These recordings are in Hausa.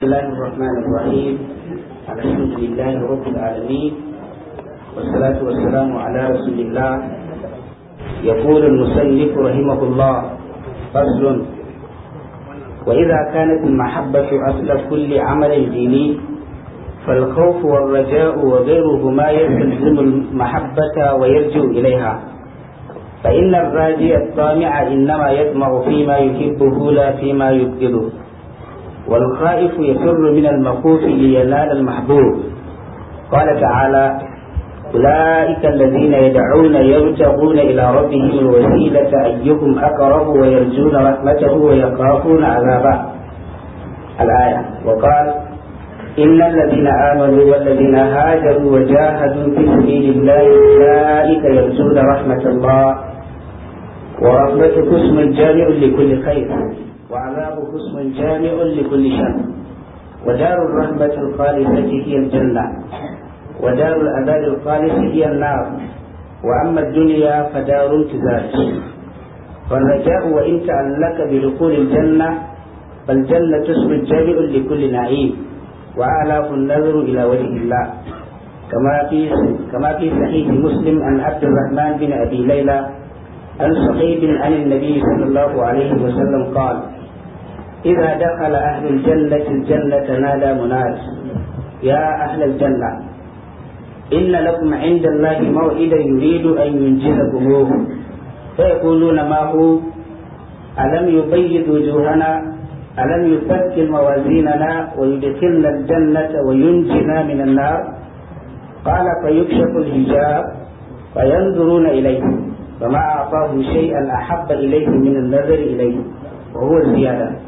بسم الله الرحمن الرحيم الحمد لله رب العالمين والصلاة والسلام على رسول الله يقول المسلف رحمه الله فصل وإذا كانت المحبة أصل كل عمل ديني فالخوف والرجاء وغيرهما يستلزم المحبة ويرجو إليها فإن الراجي الطامع إنما يطمع فيما يحبه لا فيما يبغضه والخائف يفر من المخوف لينال المحبوب قال تعالى أولئك الذين يدعون يبتغون إلى ربهم الوسيلة أيكم أقرب ويرجون رحمته ويخافون عذابه الآية وقال إن الذين آمنوا والذين هاجروا وجاهدوا في سبيل الله أولئك يرجون رحمة الله ورحمتك اسم جامع لكل خير وعذابه اسم جامع لكل شر ودار الرحمة الخالصة هي الجنة ودار العذاب الخالص هي النار وأما الدنيا فدار امتزاج فالرجاء وإن تعلق بدخول الجنة فالجنة اسم جامع لكل نعيم وأعلاف النذر إلى وجه الله كما في كما في صحيح مسلم عن عبد الرحمن بن أبي ليلى عن صحيح عن النبي صلى الله عليه وسلم قال إذا دخل أهل الجنة الجنة نادى مناد يا أهل الجنة إن لكم عند الله موعدا يريد أن ينجزكموه فيقولون ما هو ألم يبيض وجوهنا ألم يثقل موازيننا ويدخلنا الجنة وينجنا من النار قال فيكشف الحجاب فينظرون إليه فما أعطاه شيئا أحب إليه من النظر إليه وهو الزيادة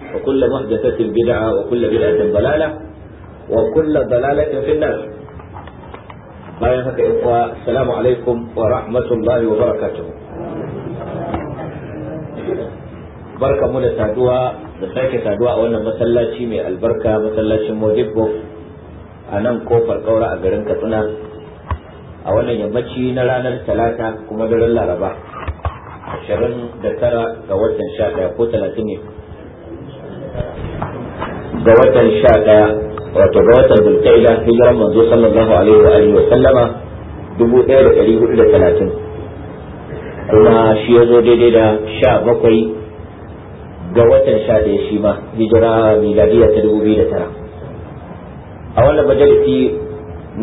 wa وكل محدثة بدعة وكل بدعة ضلالة وكل ضلالة في النار bayan haka ya ikwa assalamu alaikum wa rahmatullahi wa barakatuh barkamu da saduwa da sake saduwa a wannan masallaci mai albarka masallacin modibbo a nan kofar kaura a garin katsina a wannan yammaci na ranar talata kuma daren laraba 29 ga watan 11 ko 30 ne ga watan sha ɗaya wato ga watan dulkaida hijiran manzo sallallahu alaihi wa alihi wa sallama dubu ɗaya da ɗari hudu da talatin kuma shi ya zo daidai da sha bakwai ga watan sha ɗaya shi ma hijira miladiya ta dubu biyu da tara a wannan majalisi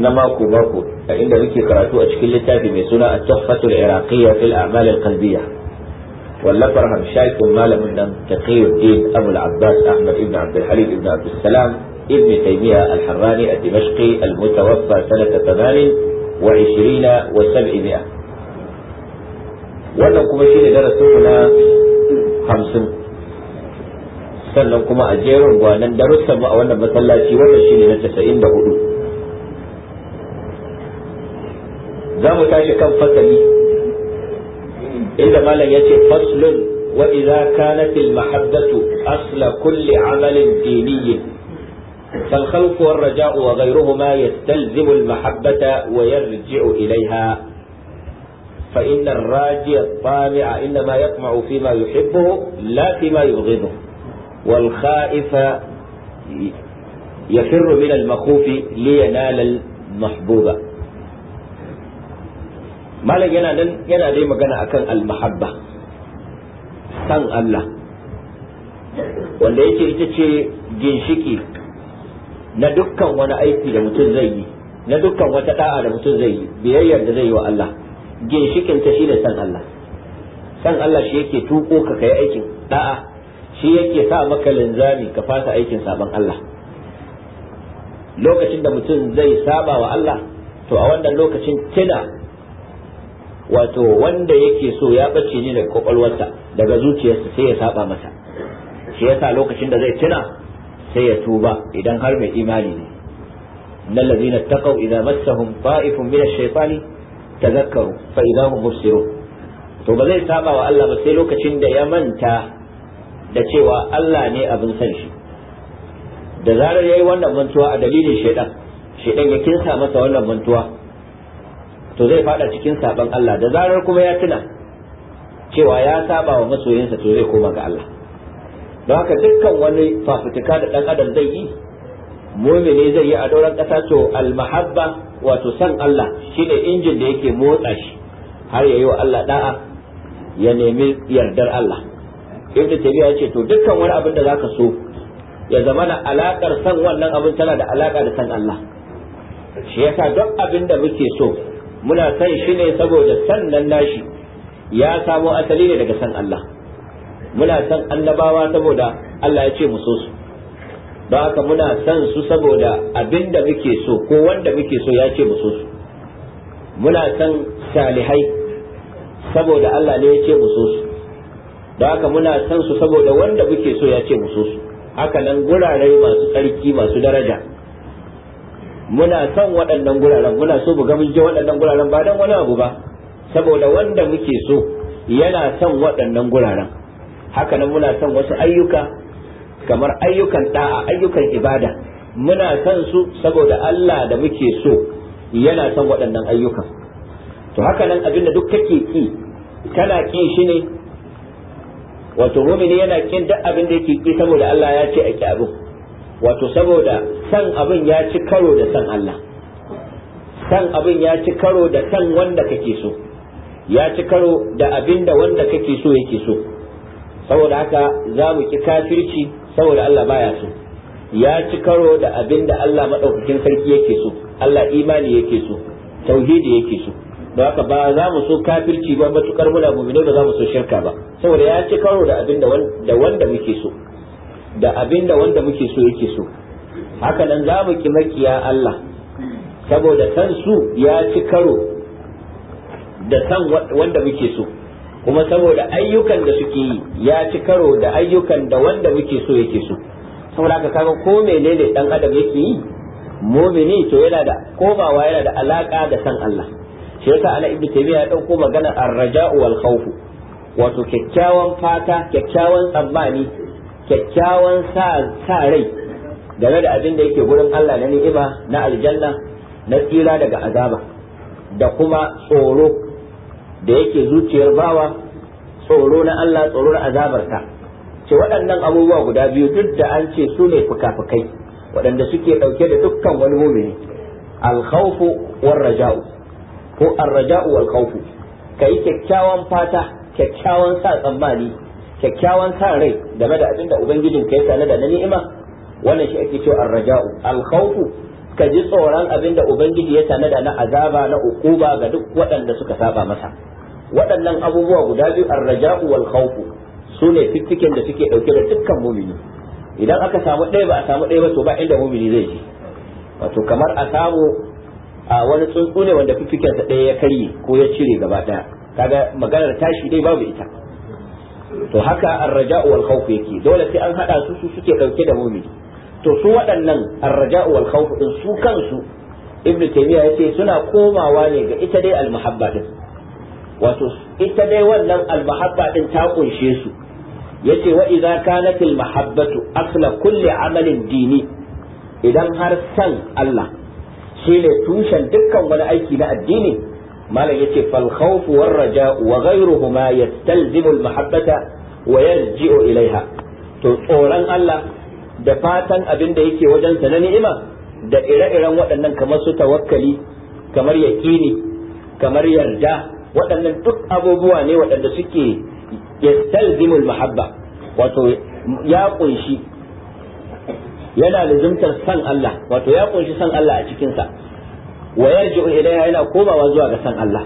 na mako mako a inda muke karatu a cikin littafi mai suna a tuhfatul iraqiyya fil a'mal al-qalbiyya wallafar hamshakin malamin nan taqiyuddin abul abbas ahmad ibn abd alhalim ibn abd salam ibn taymiya al-harrani ad-dimashqi al-mutawaffa sanata 28 wa 700 wannan kuma shine darasin na 50 sannan kuma a jerin gwanan darussan mu a wannan masallaci wannan shine na 94 za mu tashi kan fasali inda ما yace faslun فصل وإذا كانت المحبة أصل كل عمل ديني فالخوف والرجاء وغيرهما يستلزم المحبة ويرجع إليها فإن الراجي الطامع إنما يطمع فيما يحبه لا فيما يبغضه والخائف يفر من المخوف لينال المحبوب malam yana nan yana dai magana akan almahabba san Allah wanda yake ita ce ginshiki na dukkan wani aiki da mutum zai yi na dukkan wata da'a da mutum zai yi biyayyar da zai yi wa Allah ginshikin ta shine san Allah san Allah shi yake tuko ka kai aikin da'a shi yake sa maka linzami ka fasa aikin sabon Allah lokacin da mutum zai saba wa Allah to a wannan lokacin tuna wato wanda yake so ya bace ne daga kwakwalwarsa daga zuciyarsa sai ya saba masa shi yasa lokacin da zai tuna sai ya tuba idan har mai imani ne na lazina taqaw idza massahum fa'ifun min ash-shaytani tadhakkaru fa idza hum mubsirun to ba zai saba wa Allah ba sai lokacin da ya manta da cewa Allah ne abin san shi da zarar yayi wannan mantuwa a dalilin shaytan shaytan ya kinsa masa wannan mantuwa to zai fada cikin saban Allah da zarar kuma ya tuna cewa ya saba wa masoyinsa to zai koma ga Allah don haka dukkan wani fafutuka da dan adam zai yi mumini zai yi a doron kasa to almahabba wato san Allah shine injin da yake motsa shi har ya yi wa Allah da'a ya nemi yardar Allah ibnu tabiya ya ce to dukkan wani abin da zaka so ya zama na alakar san wannan abin tana da alaka da san Allah shi yasa duk abin da muke so muna san shi ne saboda san nan nashi ya samo asali ne daga san Allah muna san annabawa saboda Allah ya ce mu so su don haka muna san su saboda abin da muke so ko wanda muke so ya ce mu so su muna san salihai saboda Allah ne ya ce mu so su don haka muna san su saboda wanda muke so ya ce mu so su haka nan gurare masu tsarki masu daraja muna son waɗannan guraren muna so mu ga mun je waɗannan guraren ba dan wani abu ba saboda wanda muke so yana son waɗannan guraren haka nan muna son wasu ayyuka kamar ayyukan da'a ayyukan ibada muna son su saboda Allah da muke so yana son waɗannan ayyukan to haka nan abin da duk kake ki kana ki shi ne wato mumini yana kin duk abin da yake ki saboda Allah ya ce a ki abin wato saboda san abin ya ci karo da san Allah san abin ya ci karo da san wanda kake so ya ci karo da abin da wanda kake so yake so saboda haka za mu ki kafirci saboda Allah baya so ya ci karo da abin da Allah maɗaukakin sarki yake so Allah imani yake so tauhidi yake so da haka ba za mu so kafirci ba matukar muna mu'mini ba za mu so shirka ba saboda ya ci karo da abin da wanda muke so da abinda wanda muke so yake so haka nan za mu ki makiya Allah saboda san su ya ci karo da san wanda muke so kuma saboda ayyukan da suke yi ya ci karo da ayyukan da wanda muke so yake so saboda haka kaga ko menene dan adam yake yi mumini to yana da komawa yana da alaka da san Allah shi yasa ana ibnu taymiya ya dauko magana ar-raja'u wal khawf wato kyakkyawan fata kyakkyawan tsammani kyakkyawan sa rai game da abin da yake gurin Allah na ni'ima na aljanna na tsira daga azaba da kuma tsoro da yake zuciyar bawa tsoro na Allah tsoro na azabarsa ce waɗannan abubuwa guda biyu duk da an ce su ne fuka-fukai waɗanda suke ɗauke da dukkan wani mumini alkhawfu war raja'u ko al-raja'u wal khawfu kai kyakkyawan fata kyakkyawan sa tsammani kyakkyawan sa rai game da abinda ubangijin ka ya sanada na ni'ima wannan shi ake cewa ar-raja'u al ka ji tsoron abinda ubangiji ya da na azaba na ukuba ga duk waɗanda suka saba masa waɗannan abubuwa guda biyu ar-raja'u wal khawfu ne fiffiken da suke ɗauke da dukkan mumini idan aka samu ɗaya ba a samu ɗaya ba to ba inda mumini zai je wato kamar a samu a wani tsuntsu ne wanda fiffikensa ɗaya ya karye ko ya cire gaba ɗaya kaga maganar tashi dai babu ita to haka ar-raja'u wal khawf yake dole sai an hada su su suke dauke da mumi to su waɗannan ar-raja'u wal khawf din su kansu ibnu taymiya yace suna komawa ne ga ita dai al-muhabba din wato ita dai wannan al-muhabba din ta kunshe su yace wa idza kanat al-mahabbatu asla kulli amalin dini idan har san Allah shine tushen dukkan wani aiki na addini malam yace fal khawf war raja'u wa ghayruhuma yastalzimu al mahabbata wa yarji'u ilaiha to tsoron Allah da fatan abin da yake wajen sa na ni'ima da ire-iren waɗannan kamar su tawakkali kamar yaqini kamar yarda waɗannan duk abubuwa ne waɗanda suke yastalzimu al mahabba wato ya kunshi yana zumtar Allah wato ya kunshi son Allah a cikinsa wa yarji'u ilaiha yana komawa zuwa ga san Allah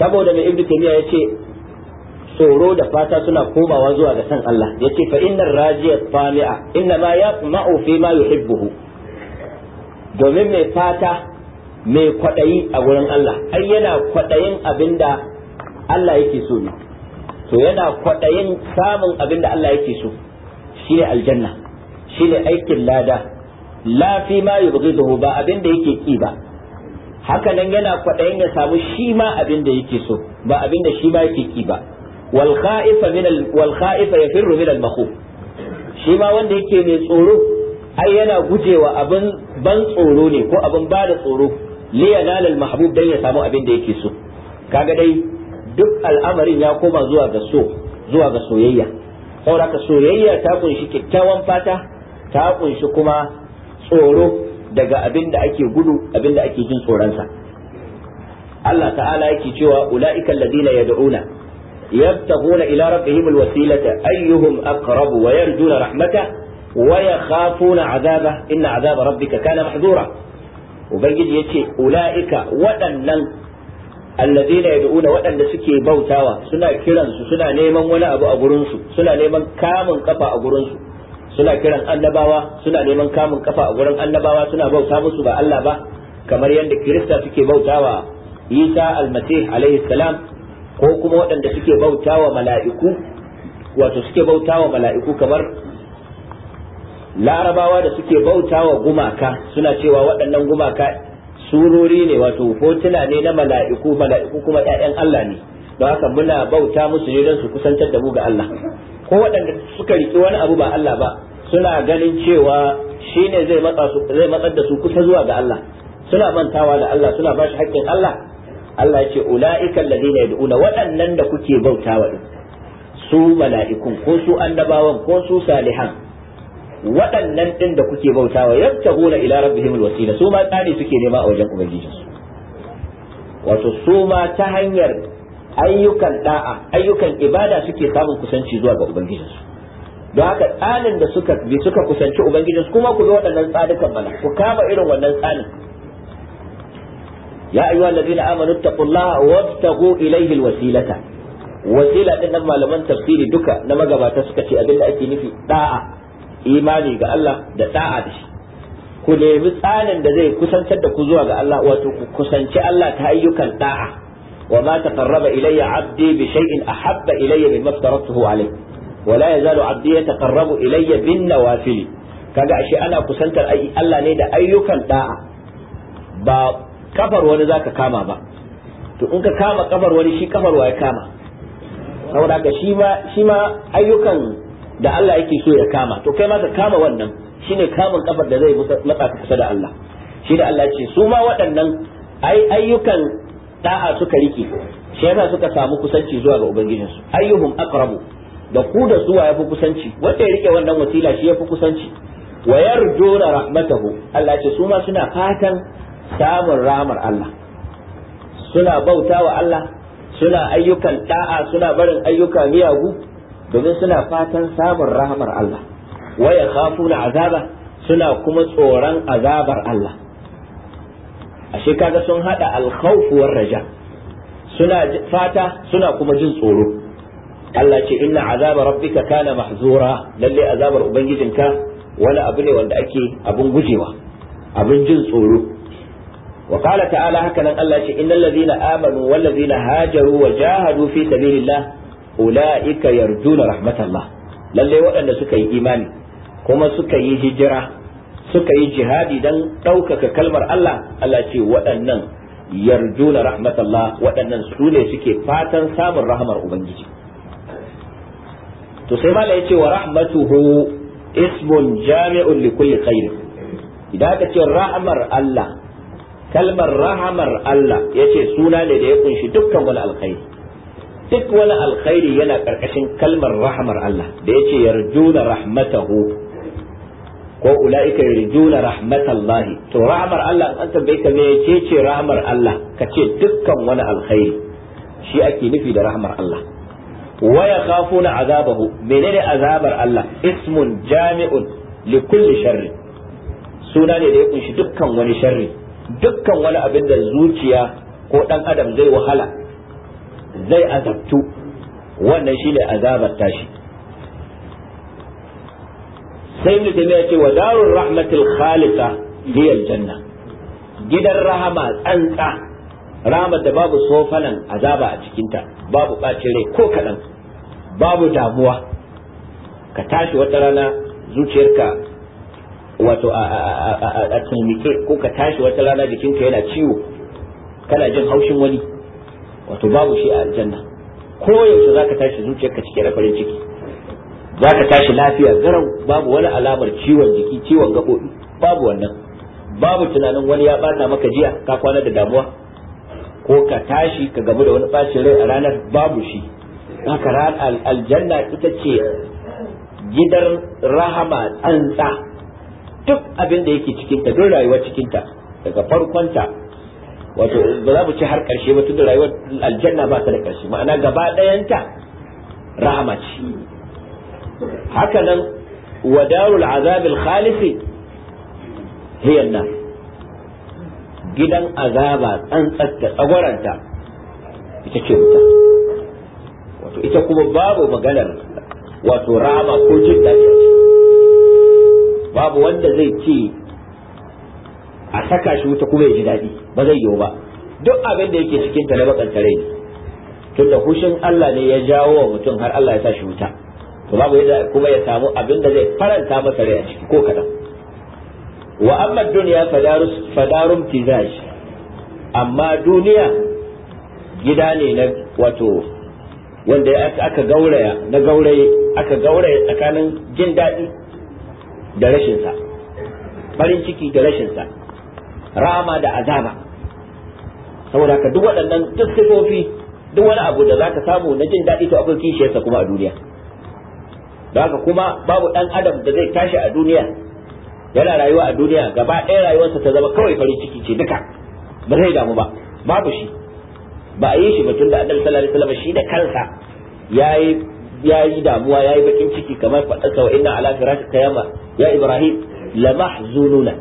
saboda mai ibnu taymiya yace tsoro da fata suna komawa zuwa ga san Allah yace fa innar rajiya fami'a inna ma yatma'u fi ma yuhibbuhu domin mai fata mai kwadayi a gurin Allah ai yana kwadayin abinda Allah yake so ne to yana kwadayin samun abinda Allah yake so shine aljanna shine aikin lada la fi ma yubghiduhu ba abin da yake ki ba haka nan yana kwaɗayin ya samu shi ma abin da yake so ba abin da shi ma yake ki ba wal kha'ifa min al wal kha'ifa yafirru min al makhuf shi ma wanda yake mai tsoro ai yana gujewa abin ban tsoro ne ko abin ba da tsoro li yanal al mahbub dan ya samu abin da yake so kaga dai duk al'amarin ya koma zuwa ga so zuwa ga soyayya saboda soyayya ta kunshi kyakkyawan fata ta kunshi kuma tsoro daga abin da ake gudu abin da ake jin tsoronsa Allah ta'ala yake cewa ula'ikal ladina yad'una yabtaghuna ila rabbihim alwasilata ayyuhum aqrabu wa yarjuna rahmata wa yakhafuna azaba inna azaba rabbika kana mahdura ubangiji yace ula'ika waɗannan alladina yad'una waɗanda suke bautawa suna kiransu suna neman wani abu a gurinsu suna neman kamun kafa a gurinsu suna kiran annabawa suna neman kamun kafa a gurin annabawa suna bauta musu ba Allah ba kamar yadda kirista suke bautawa Isa almasih alaihi salam ko kuma waɗanda suke bautawa mala'iku wato suke bautawa mala'iku kamar larabawa da suke bautawa gumaka suna cewa waɗannan gumaka surori ne wato hotuna ne na mala'iku mala'iku kuma 'ya'yan Allah ne don haka muna bauta musu ne don su kusantar da mu ga Allah ko waɗanda suka riƙe wani abu ba Allah ba suna ganin cewa shi ne zai matsa zai matsar da su kusa zuwa ga Allah suna mantawa da Allah suna bashi haƙƙin Allah Allah ya ce ulaika alladhina yad'una waɗannan da kuke bautawa din su mala'ikun ko su annabawan ko su salihan waɗannan ɗin da kuke bautawa yabtahuna ila rabbihim alwasila su ma tsani suke nema a wajen ubangijinsu wato su ma ta hanyar ayyukan da'a ayyukan ibada suke samun kusanci zuwa ga ubangijinsu don haka tsanin da suka bi suka kusanci ubangijinsu kuma ku zo waɗannan tsadukan mana ku kama irin wannan tsanin ya ayyuha allazina amanu taqullaha wabtaghu ilayhi alwasilata wasila din nan malaman tafsiri duka na magabata suka ce abinda ake nufi da'a imani ga Allah da da'a da shi ku nemi tsanin da zai kusantar da ku zuwa ga Allah wato ku kusanci Allah ta ayyukan da'a وما تقرب إلي عبدي بشيء أحب إلي مما افترضته عليه ولا يزال عبدي يتقرب إلي بالنوافل kaga ashe ana kusantar Allah ne da ayyukan da'a ba kafar wani zaka kama ba to in ka kama kafar wani shi kafar wa ya kama shi ma ayyukan da Allah yake so ya kama to kai ma ka kama wannan shine kamun kafar da zai matsa kusa da Allah shi da Allah ce su ma waɗannan ayyukan da'a suka rike shi yasa suka samu kusanci zuwa ga ubangijinsu ayyuhum aqrabu da ku da zuwa yafi kusanci wanda ya rike wannan wasila shi yafi kusanci wa yarjuna rahmatahu Allah ce su ma suna fatan samun ramar Allah suna bauta wa Allah suna ayyukan da'a suna barin ayyuka miyagu domin suna fatan samun rahmar Allah wa yakhafuna azaba suna kuma tsoron azabar Allah ashe kaga sun hada alkhawf war raja suna fata suna kuma jin tsoro Allah ce inna azaba rabbika kana mahzura lalle azabar ubangijinka wani abu ne wanda ake abun gujewa abun jin tsoro wa qala ta'ala haka nan Allah ce innal ladina amanu wal ladina hajaru wa jahadu fi sabilillah ulaika yarjuna rahmatallah lalle waɗanda suka yi imani kuma suka yi hijira suka yi jihadi dan ɗaukaka kalmar Allah Allah ce waɗannan yarjuna rahmatallah waɗannan su ne suke fatan samun rahmar ubangiji to sai mala ce wa rahmatuhu ismun jami'un li kulli khair idan aka ce rahmar Allah kalmar rahmar Allah yace suna ne da ya kunshi dukkan wani alkhairi duk wani alkhairi yana karkashin kalmar rahmar Allah da yace yarjuna rahmatahu ko ula'ika yarjuna rahmatallahi to rahmar Allah an tambaye ka me ce ce rahmar Allah ka ce dukkan wani alkhairi shi ake nufi da rahmar Allah wa yakhafuna azabahu menene azabar Allah ismun jami'un li kulli sharri suna ne da ya kunshi dukkan wani sharri dukkan wani abin da zuciya ko dan adam zai wahala zai azabtu wannan shine azabar tashi sai ibn taymiya ce wa darur rahmatil khalisa hiya aljanna gidan rahama tsantsa rahama da babu sofalan azaba a cikinta babu bacin rai ko kadan babu damuwa ka tashi wata rana zuciyarka wato a tulmike ko ka tashi wata rana jikinka yana ciwo kana jin haushin wani wato babu shi a aljanna ko yaushe zaka tashi zuciyarka cike da farin ciki za ka tashi lafiya garau babu wani alamar ciwon jiki ciwon gaɓoɓi babu wannan babu tunanin wani ya ɓata maka jiya ka kwana da damuwa ko ka tashi ka gamu da wani ɓacin rai a ranar babu shi haka aljanna ita ce gidan rahama tsantsa duk abin da yake cikinta duk rayuwar cikinta daga farkonta wato ba za mu ci har ƙarshe ba tun da rayuwar aljanna ba ta da ƙarshe ma'ana gaba ɗayanta rahama ce haka nan wa darul azab al khalisi hiya gidan azaba tsantsatta ita ce wuta wato ita kuma babu maganar wato ko babu wanda zai ce a saka shi wuta kuma ya ji daɗi ba zai yiwu ba duk abin da yake cikin ta na tunda hushin Allah ne ya jawo mutum har Allah ya tashi wuta to babu yadda kuma ya samu abin da zai faranta masa rai a ciki ko kadan wa amma duniya fadarum tizaj amma duniya gida ne na wato wanda aka gauraya na gauraye aka gauraya tsakanin jin daɗi da rashinsa farin ciki da rashinsa rama da azaba saboda ka duk waɗannan duk duk wani abu da zaka samu na jin daɗi to akwai kishiyarsa kuma a duniya haka kuma babu ɗan adam da zai tashi a duniya yana rayuwa a duniya gaba ɗaya rayuwarsa ta zama kawai farin ciki ce duka ba zai damu ba babu shi ba a yi shi batun da annabi sallallahu alaihi wasallam shi da kansa yayi yayi damuwa yayi bakin ciki kamar faɗarsa wa inna ala firashika yama ya ibrahim la mahzununa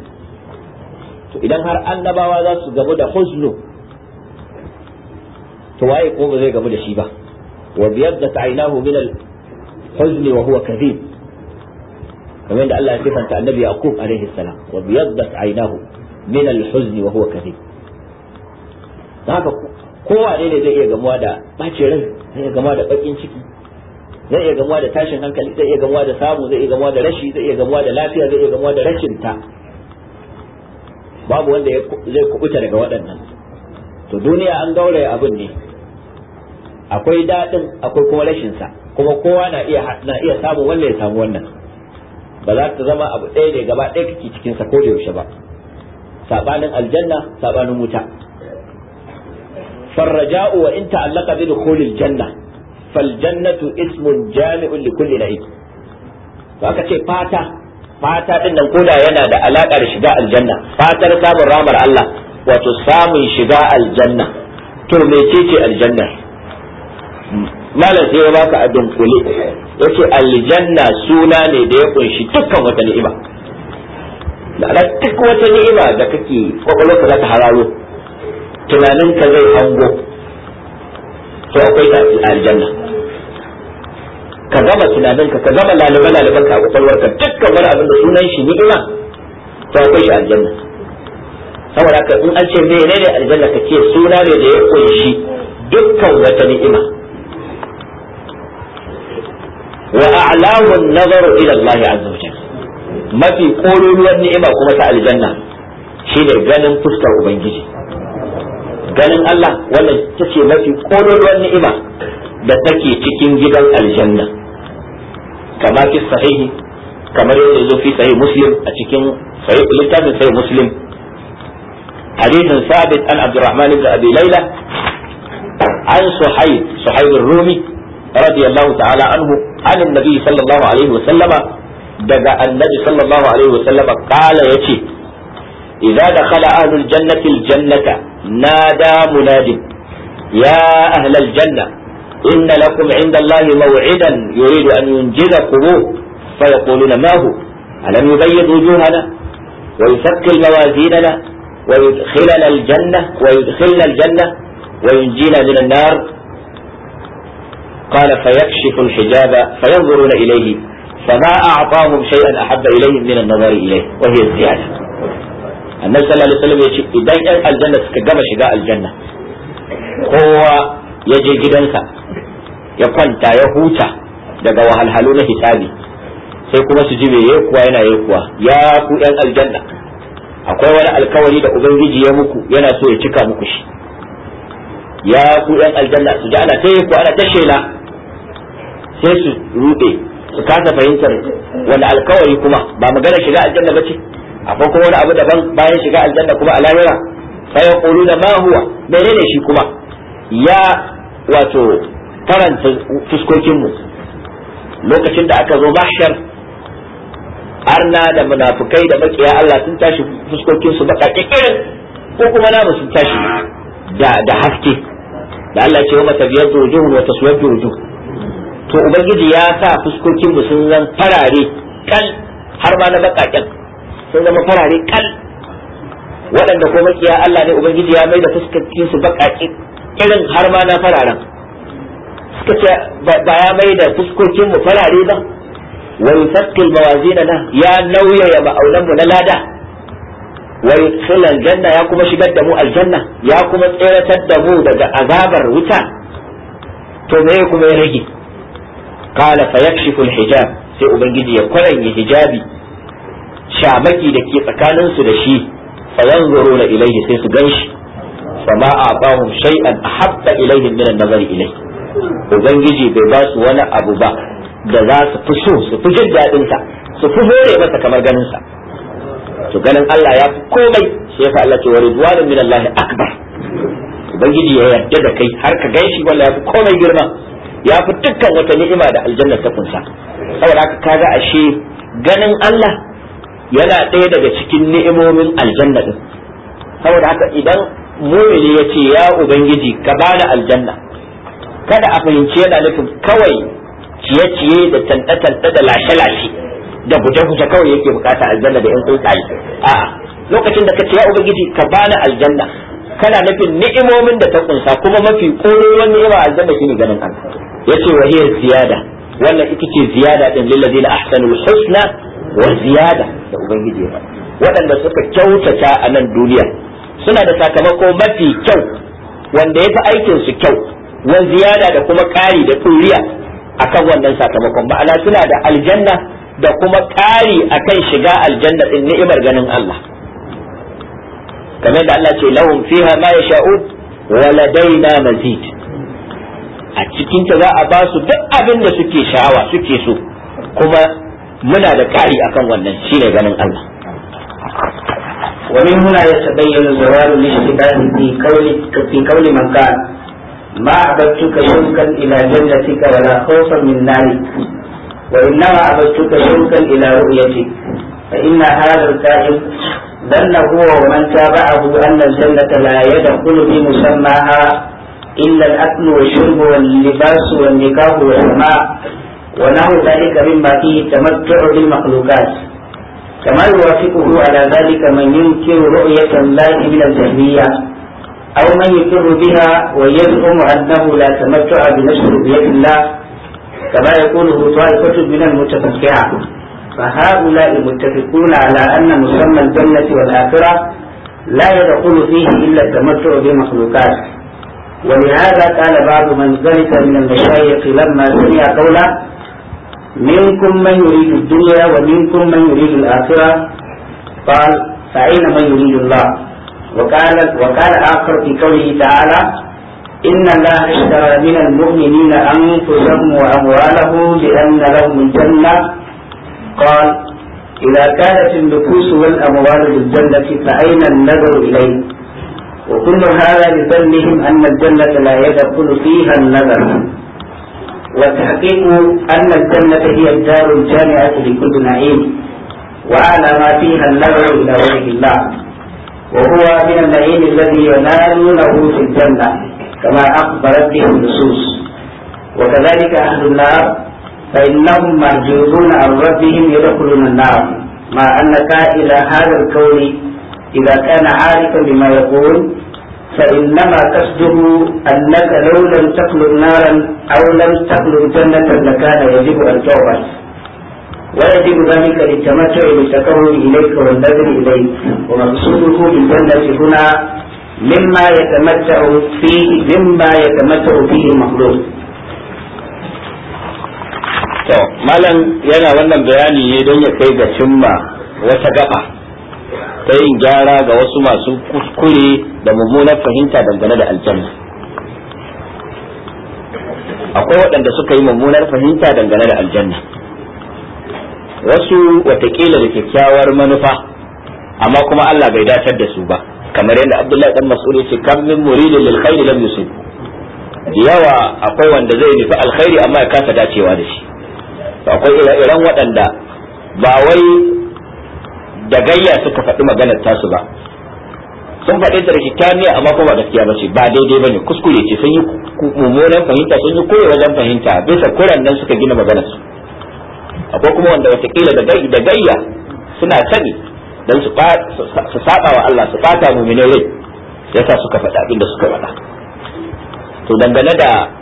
to idan har annabawa za su gamu da huznu to waye ko ba zai gamu da shi ba wa biyadda ta'inahu min huzni wa huwa kadhib kamar da Allah ya sifanta annabi yaqub alaihi salam wa biyaddat aynahu min al-huzni wa huwa kadhib haka kowa ne zai iya gamuwa da bacin rai zai iya gamuwa da bakin ciki zai iya gamuwa da tashin hankali zai iya gamuwa da samu zai iya gamuwa da rashi zai iya gamuwa da lafiya zai iya gamuwa da rashin ta babu wanda zai kubuta daga waɗannan to duniya an gauraya abin ne akwai daɗin akwai kuma rashin sa kuma kowa na iya na iya samu wannan ya samu wannan ba za ta zama abu ɗaya ne gaba ɗaya kake cikin sa ko da yaushe ba sabanin aljanna sabanin wuta farraja'u wa in ta'allaqa bi dukhulil janna fal jannatu ismun jami'un li kulli na'im to aka ce fata fata din nan koda yana da alaka da shiga aljanna fatar samun ramar Allah wato samun shiga aljanna to mecece aljanna hmm. malam sai ya baka abin kuli yace aljanna suna ne da ya kunshi dukkan wata ni'ima da duk wata ni'ima da kake kwakwalwarka za ta hararo tunaninka zai hango to akwai ta aljanna ka gama tunaninka ka gama lalibe laliben ka a ka dukkan wani abin da sunan shi ni'ima to akwai shi aljanna saboda ka in an ce menene aljanna ka ce suna ne da ya kunshi dukkan wata ni'ima wa a'lahu an-nazaru ila Allah mafi kororuwar ni'ima kuma ta aljanna shine ganin fuskar ubangiji ganin Allah wannan tace mafi kororuwar ni'ima da take cikin gidan aljanna kama fi sahihi kamar yadda zafi fi sahih a cikin sahih littafin sahih muslim حديث ثابت عن عبد الرحمن بن ابي ليلى عن صحيب صحيب الرومي رضي الله تعالى عنه عن النبي صلى الله عليه وسلم دقى النبي صلى الله عليه وسلم قال يتي إذا دخل أهل الجنة الجنة نادى مناد يا أهل الجنة إن لكم عند الله موعدا يريد أن ينجزكم فيقولون ما هو ألم يبيض وجوهنا ويثقل موازيننا ويدخلنا الجنة ويدخلنا الجنة وينجينا من النار قال فيكشف الحجاب فينظرون إليه فما أعطاهم شيئا أحب إليهم من النظر إليه وهي الزيادة النبي صلى الله عليه وسلم gama إذا الجنة Kowa شقاء الجنة هو يجي جدنسا ya huta daga wahalhalu na hisabi sai kuma su jibe ya kuwa yana ya kuwa ya ku yan aljanna akwai wani alkawari da ubangiji ya muku yana so ya cika muku shi ya ku yan aljanna su ji ana ta ku ana ta shela sai su rude su kasa fahimtar wani alkawari kuma ba magana shiga aljanna ba ce, akwai kuma wani abu daban bayan shiga aljanna kuma a lahira sai ya kulu da mahuwa menene shi kuma ya wato faranta fuskokinmu lokacin da aka zo mahshar arna da munafukai da makiya Allah sun tashi fuskokin su baka kikirin ko kuma namu sun tashi da haske da Allah ce wa mata biyar wujuhun wa taswaddu wujuh to ubangiji ya sa fuskokin mu sun zan farare kal har ma na bakaken sun zama farare kal waɗanda ko makiya Allah ne ubangiji ya maida fuskokin su irin har ma na fararen suka ce ba ya maida fuskokin mu farare ba wa yusaqqil mawazinana ya nauya ya ma'aulan mu na lada wa yudkhil aljanna ya kuma shigar da mu aljanna ya kuma tseratar da mu daga azabar wuta to me kuma ya rage qala fayakshifu hijab sai ubangiji ya kwaranye hijabi shamaki da ke tsakanin su da shi fayanzuruna ilayhi sai su ganshi fama a'tahum shay'an ahabba ilayhim min an-nazari ilayhi ubangiji bai ba su wani abu ba da za su fi so su fi jin daɗin sa su fi hore masa kamar ganin sa to ganin Allah ya fi komai sai fa Allah ce wa ridwanun min Allah akbar ubangiji ya yarda da kai har ka ganshi wallahi ya fi komai girma ya fi dukkan wata ni'ima da aljanna ta kunsa saboda haka kaga ashe ganin Allah yana ɗaya daga cikin ni'imomin aljanna din saboda haka idan mu'mini ya ce ya ubangiji ka bani aljanna kada a fahimci yana nufin kawai ciye-ciye da tanɗe da lashe-lashe da guje-guje kawai yake bukata aljanna da yan tsuntsaye a'a lokacin da ka ce ya ubangiji ka bani aljanna kana nufin ni'imomin da ta kunsa kuma mafi ƙororon ni'ima aljanna shine ganin Allah yace wa hiya ziyada wannan ita ce ziyada din lillazina ahsanul husna wa ziyada da ubangiji ya waɗanda suka kyautata a nan duniya suna da sakamako mafi kyau wanda ya fi aikin su kyau wa ziyada da kuma ƙari da turiya akan wannan sakamakon ma'ana suna da aljanna da kuma ƙari akan shiga aljanna ɗin ni'imar ganin Allah kamar da Allah ce lahum fiha ma yasha'un wa ladaina mazid a cikin ta za a ba su duk abin da suke sha'awa suke so kuma muna da kari akan wannan ne ganin Allah ومن هنا يتبين الجواب لاشتباه في قول من قال ما عبدتك شوكا الى جنتك ولا خوفا من نارك وانما عبدتك شوكا الى رؤيتك فان هذا الكائن بل هو ومن تابعه أن الجنة لا يدخل بمسماها إلا الأكل والشرب واللباس والنكاح والسماع ونحو ذلك مما فيه التمتع بالمخلوقات كما يوافقه على ذلك من ينكر رؤية الله من الجهمية أو من يقر بها ويزعم أنه لا تمتع بنشر رؤية الله كما يقوله طائفة من المتفكعة فهؤلاء متفقون على أن مسمى الجنة والآخرة لا يدخل فيه إلا التمتع بمخلوقات ولهذا قال بعض من ذلك من المشايخ لما سمع قوله منكم من يريد الدنيا ومنكم من يريد الآخرة قال فأين من يريد الله وقال وقال آخر في قوله تعالى إن الله اشترى من المؤمنين أنفسهم وأموالهم بأن لهم الجنة قال إذا كانت النفوس والأموال للجنة فأين النذر إليه وكل هذا لظنهم أن الجنة لا يدخل فيها النذر وتحقيق أن الجنة هي الدار الجامعة لكل نعيم وأعلى ما فيها النذر إلى وجه الله وهو من النعيم الذي ينالونه في الجنة كما أخبرت به النصوص وكذلك أهل النار فإنهم مرجوزون عن ربهم يدخلون النار مع أن إلى هذا الكون إذا كان عارفا بما يقول فإنما تصدق أنك لو لم تخلق نارا أو لم تخلق جنة لكان يجب أن توبت ويجب ذلك للتمتع بالتكون إليك والنذر إليك ومقصوده بالجنة هنا مما يتمتع فيه مما يتمتع فيه المخلوق to malam yana wannan bayani ne don ya kai ga cimma wata gaba ta yin gyara ga wasu masu kuskure da mummunar fahimta dangane da aljanna akwai waɗanda suka yi mummunar fahimta dangane da aljanna wasu watakila da kyakkyawar manufa amma kuma Allah bai dacar da su ba kamar yadda Abdullahi dan Mas'ud ya ce kam min muridin lil khairi lam yusib yawa akwai wanda zai nufi alkhairi amma ya kasa dacewa da shi akwai ire-iren waɗanda ba wai da gayya suka faɗi maganar tasu ba sun faɗe da kitaniya amma kuma ba gaskiya ba ce ba daidai ba ne kuskure ce sun yi mummunan fahimta sun yi kure wajen fahimta bisa kuran nan suka gina maganar su akwai kuma wanda watakila da gayya suna sani don su saba wa Allah su fata mummunan rai yasa suka faɗa abin da suka faɗa to dangane da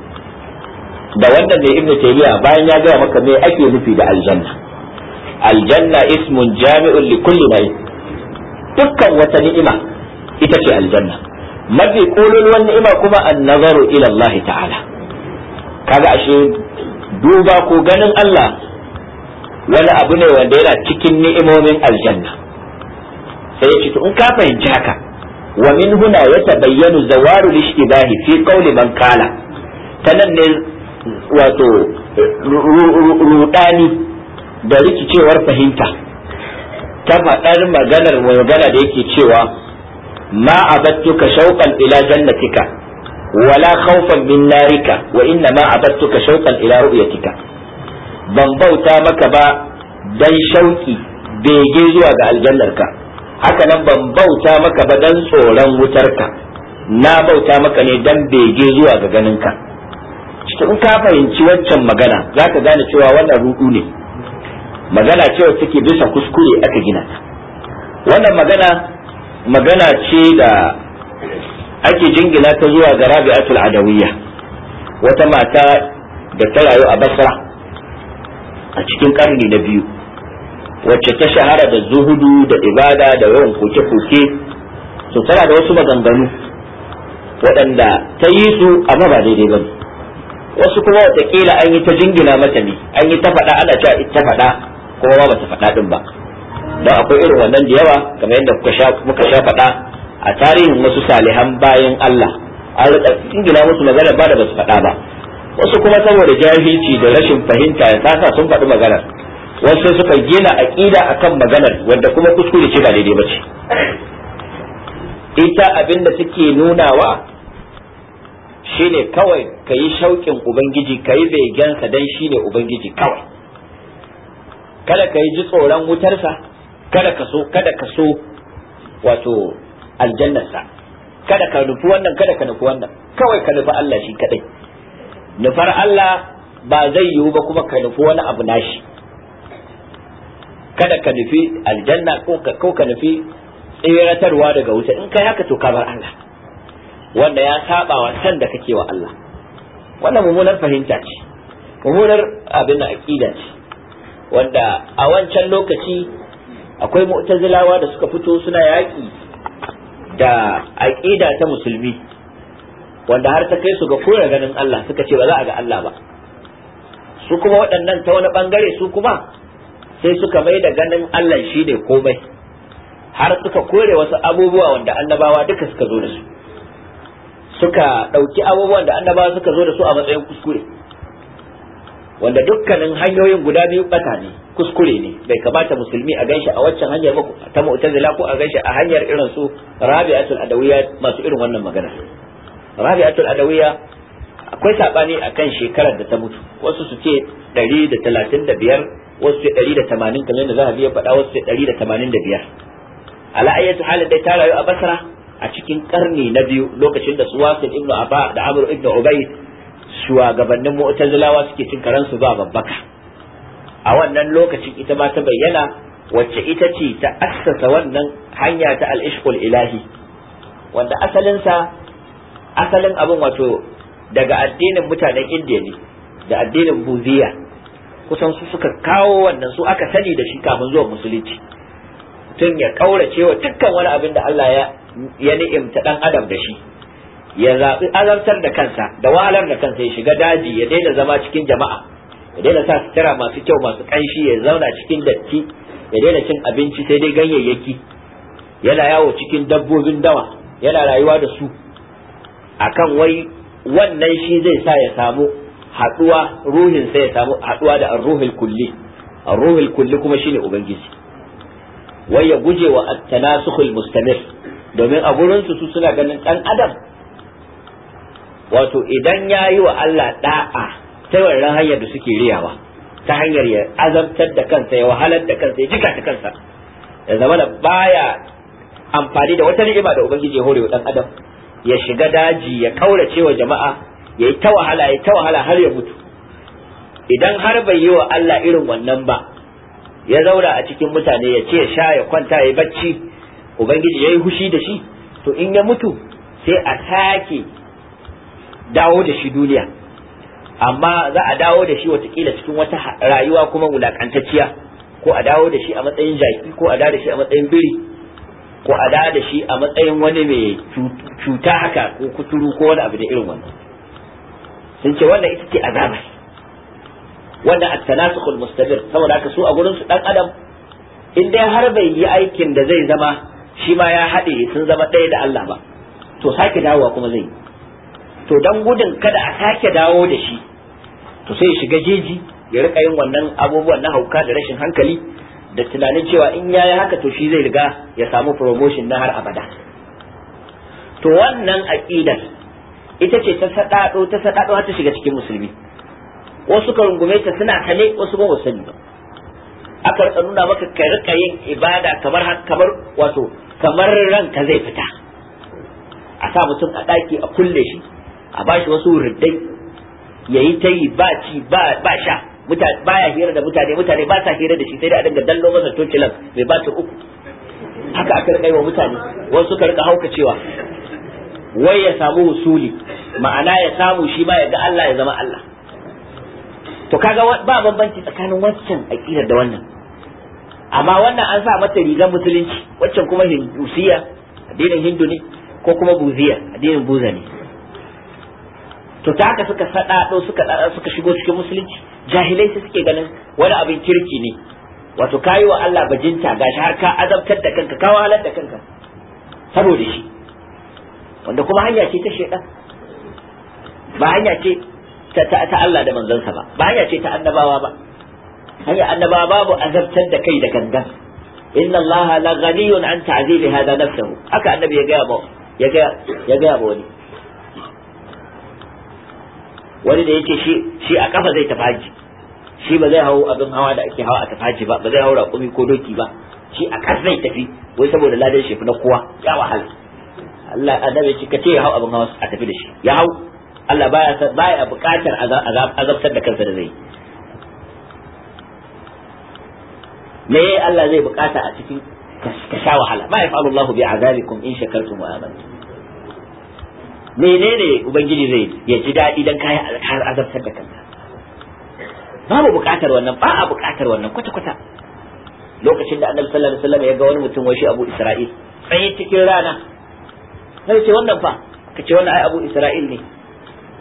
da wannan ne ibnu taymiya bayan ya gaya maka me ake nufi da aljanna aljanna ismun jami'un li kulli ni'im dukkan wata ni'ima ita ce aljanna mafi wani ni'ima kuma an-nazaru ila Allah ta'ala kaga ashe duba ko ganin Allah wani abu ne wanda yana cikin ni'imomin aljanna sai ya ce to in ka fahimci haka wa min huna yatabayyanu zawaru ishtibahi fi qawli man kala tanan ne wato rudani da rikicewar fahimta ta faɗar maganar magana da yake cewa ma abattuka shauqan ila jannatika wala khawfan min narika wa inna ma abattuka shauqan ila ru'yatika ban bauta maka ba dan shauki bege zuwa ga aljannarka haka nan ban bauta maka ba dan tsoron ka na bauta maka ne dan bege zuwa ga ganinka to in ka fahimci waccan magana za ka gane cewa wannan rudu ne magana cewa wacce take bisa kuskure aka gina ta wannan magana magana ce da ake jingina ta zuwa ga rabi'atul adawiyya wata mata da ta rayu a basra a cikin karni na biyu wacce ta shahara da zuhudu da ibada da yawan koke-koke so tana da wasu maganganu waɗanda ta yi su amma ba daidai ba ne wasu kuma watakila an yi ta jingina mata ne an yi ta faɗa ana cewa ita faɗa kuma ba ta faɗa din ba don akwai irin wannan da yawa kamar yadda muka sha faɗa a tarihin wasu salihan bayan Allah an rika jingina musu magana ba da ba su faɗa ba wasu kuma saboda jahilci da rashin fahimta ya saka sun faɗi maganar wasu suka gina aƙida akan maganar wanda kuma kuskure ce ba daidai ba ce ita abinda suke nunawa shine kawai ka yi shauƙin ubangiji ka yi begensa don shi ne ubangiji kawai kada ka yi ji tsoron wutarsa kada ka so kada ka so wato aljannarsa kada ka nufi wannan kada ka nufi wannan kawai ka nufi Allah shi kadai nufar Allah ba zai yiwu ba kuma ka nufi wani abu nashi kada ka nufi aljanna ko ka nufi tseratarwa daga wuta in kai haka to ka bar Allah wanda ya saba wa san da kake wa Allah wannan mummunar fahimta ce mummunar abin aqida ce wanda a wancan lokaci akwai mu'tazilawa da suka fito suna yaƙi da aqida ta musulmi wanda har ta kai su ga kore ganin Allah suka ce ba za a ga Allah ba su kuma waɗannan ta wani bangare su kuma sai suka mai da ganin Allah shi ne komai har suka kore wasu abubuwa wanda annabawa duka suka zo da su suka ɗauki abubuwan da annabawa suka zo da su a matsayin kuskure wanda dukkanin hanyoyin guda biyu bata ne kuskure ne bai kamata musulmi a ganshi a waccan hanyar ba ta mu'tazila ko a ganshi a hanyar irin su rabi'atul adawiya masu irin wannan magana rabi'atul adawiya akwai sabani akan shekarar da ta mutu wasu su ce 135 wasu ce 180 kamar da a biya faɗa wasu ce 185 ala ayyatu halin dai ta rayu a basra a cikin karni na biyu lokacin da suwasin ibnu abba da amr ibnu ubayd shugabannin mu'tazilawa suke cin karansu ba babbaka a wannan lokacin ita ma ta bayyana wacce ita ce ta assasa wannan hanya ta al-ishqul ilahi wanda asalinsa asalin abin wato daga addinin mutanen indiya ne da addinin buziya kusan su suka kawo wannan su aka sani da shi kafin zuwa musulunci mutum ya kaurace wa dukkan wani abin da Allah ya ya ni'imta dan adam da shi ya zaɓi azabtar da kansa da wahalar da kansa ya shiga daji ya daina zama cikin jama'a ya daina sa sutura masu kyau masu kanshi ya zauna cikin datti ya daina cin abinci sai dai ganyayyaki yana yawo cikin dabbobin dawa yana rayuwa da su akan wai wannan shi zai sa ya samu haduwa ruhin sai ya samu haduwa da ruhul kulli ruhul kulli kuma shine ubangiji wai ya guje wa at-tanasukhul mustamir domin a gurin su suna ganin dan adam wato idan ya yi wa Allah da'a ta wannan hanyar da suke riyawa ta hanyar ya azabtar da kansa ya wahalar da kansa ya jika ta kansa ya zama baya amfani da wata ni'ima da ubangiji ya hore wa dan adam ya shiga daji ya kaurace wa jama'a ya yi ta wahala ya ta wahala har ya mutu idan har bai yi wa Allah irin wannan ba ya zaura a cikin mutane ya ce sha ya kwanta ya bacci ubangiji ya yi hushi da shi to in ya mutu sai a sake dawo da shi duniya amma za a dawo da shi watakila cikin wata rayuwa kuma wulakantacciya ko a dawo da shi a matsayin jaki ko a dawo da shi a matsayin biri ko a dawo da shi a matsayin wani mai cuta haka ko kuturu ko wani abu da irin wannan sun ce wannan ita ce azabar wanda a tanasukhul mustamir saboda haka su a gurin su dan adam in dai har bai yi aikin da zai zama shi ma ya haɗe sun zama ɗaya da Allah ba to sake dawowa kuma zai to dan gudun kada a sake dawo da shi to sai shiga jeji ya rika yin wannan abubuwan na hauka da rashin hankali da tunanin cewa in yayi haka to shi zai riga ya samu promotion na har abada to wannan aqidar ita ce ta sadado ta sadado ta shiga cikin musulmi wasu ka rungume ta suna kale wasu ba sani ba aka rika nuna maka ka rika yin ibada kamar kamar wato kamar ranka zai fita a sa mutum a daki a kulle shi a bashi wasu riddai yayi ta yi ba ci ba ba sha mutane baya hira da mutane mutane ba sa hira da shi sai da a dinga dallo masa tocilan mai ba ta uku haka aka rika yi wa mutane wasu ka rika hauka cewa wai ya samu usuli ma'ana ya samu shi ma ya ga Allah ya zama Allah to kaga ba bambanci tsakanin wancan aqidar da wannan amma wannan an sa mata rigar musulunci waccan kuma hindusiya addinin hindu ne ko kuma buziya addinin buza ne to ta haka suka sadado suka suka shigo cikin musulunci jahilai su suke ganin wani abin kirki ne wato kayi wa Allah bajinta gashi har ka azabtar da kanka ka wahalar da kanka saboda shi wanda kuma hanya ce ta shedan ba hanya ce ta Allah da manzansa ba ba hanya ce ta annabawa ba hanya annabawa babu azabtar da kai da gangan inna Allah la ghaniyun an ta'zili hada nafsuhu haka annabi ya ga ba ya ga ya ga ba wani wani da yake shi shi a kafa zai tafi haji shi ba zai hau abin hawa da ake hawa a tafi haji ba ba zai hau raƙumi ko doki ba shi a kas zai tafi wai saboda ladan shi na kowa ya wahala Allah annabi ya ce ka ce ya hau abin hawa a tafi da shi ya hau Allah baya baya buƙatar azabtar da kansa da zai me Allah zai buƙata a cikin ka sha wahala ma yaf'alu Allah bi azabikum in shakartum wa amantum menene ubangiji zai ya ji daɗi dan kai azabtar da kanka babu buƙatar wannan ba a buƙatar wannan kwata kwata lokacin da annabi sallallahu alaihi wasallam ya ga wani mutum washi Abu Isra'il sai cikin rana sai ce wannan fa kace wannan ai Abu Isra'il ne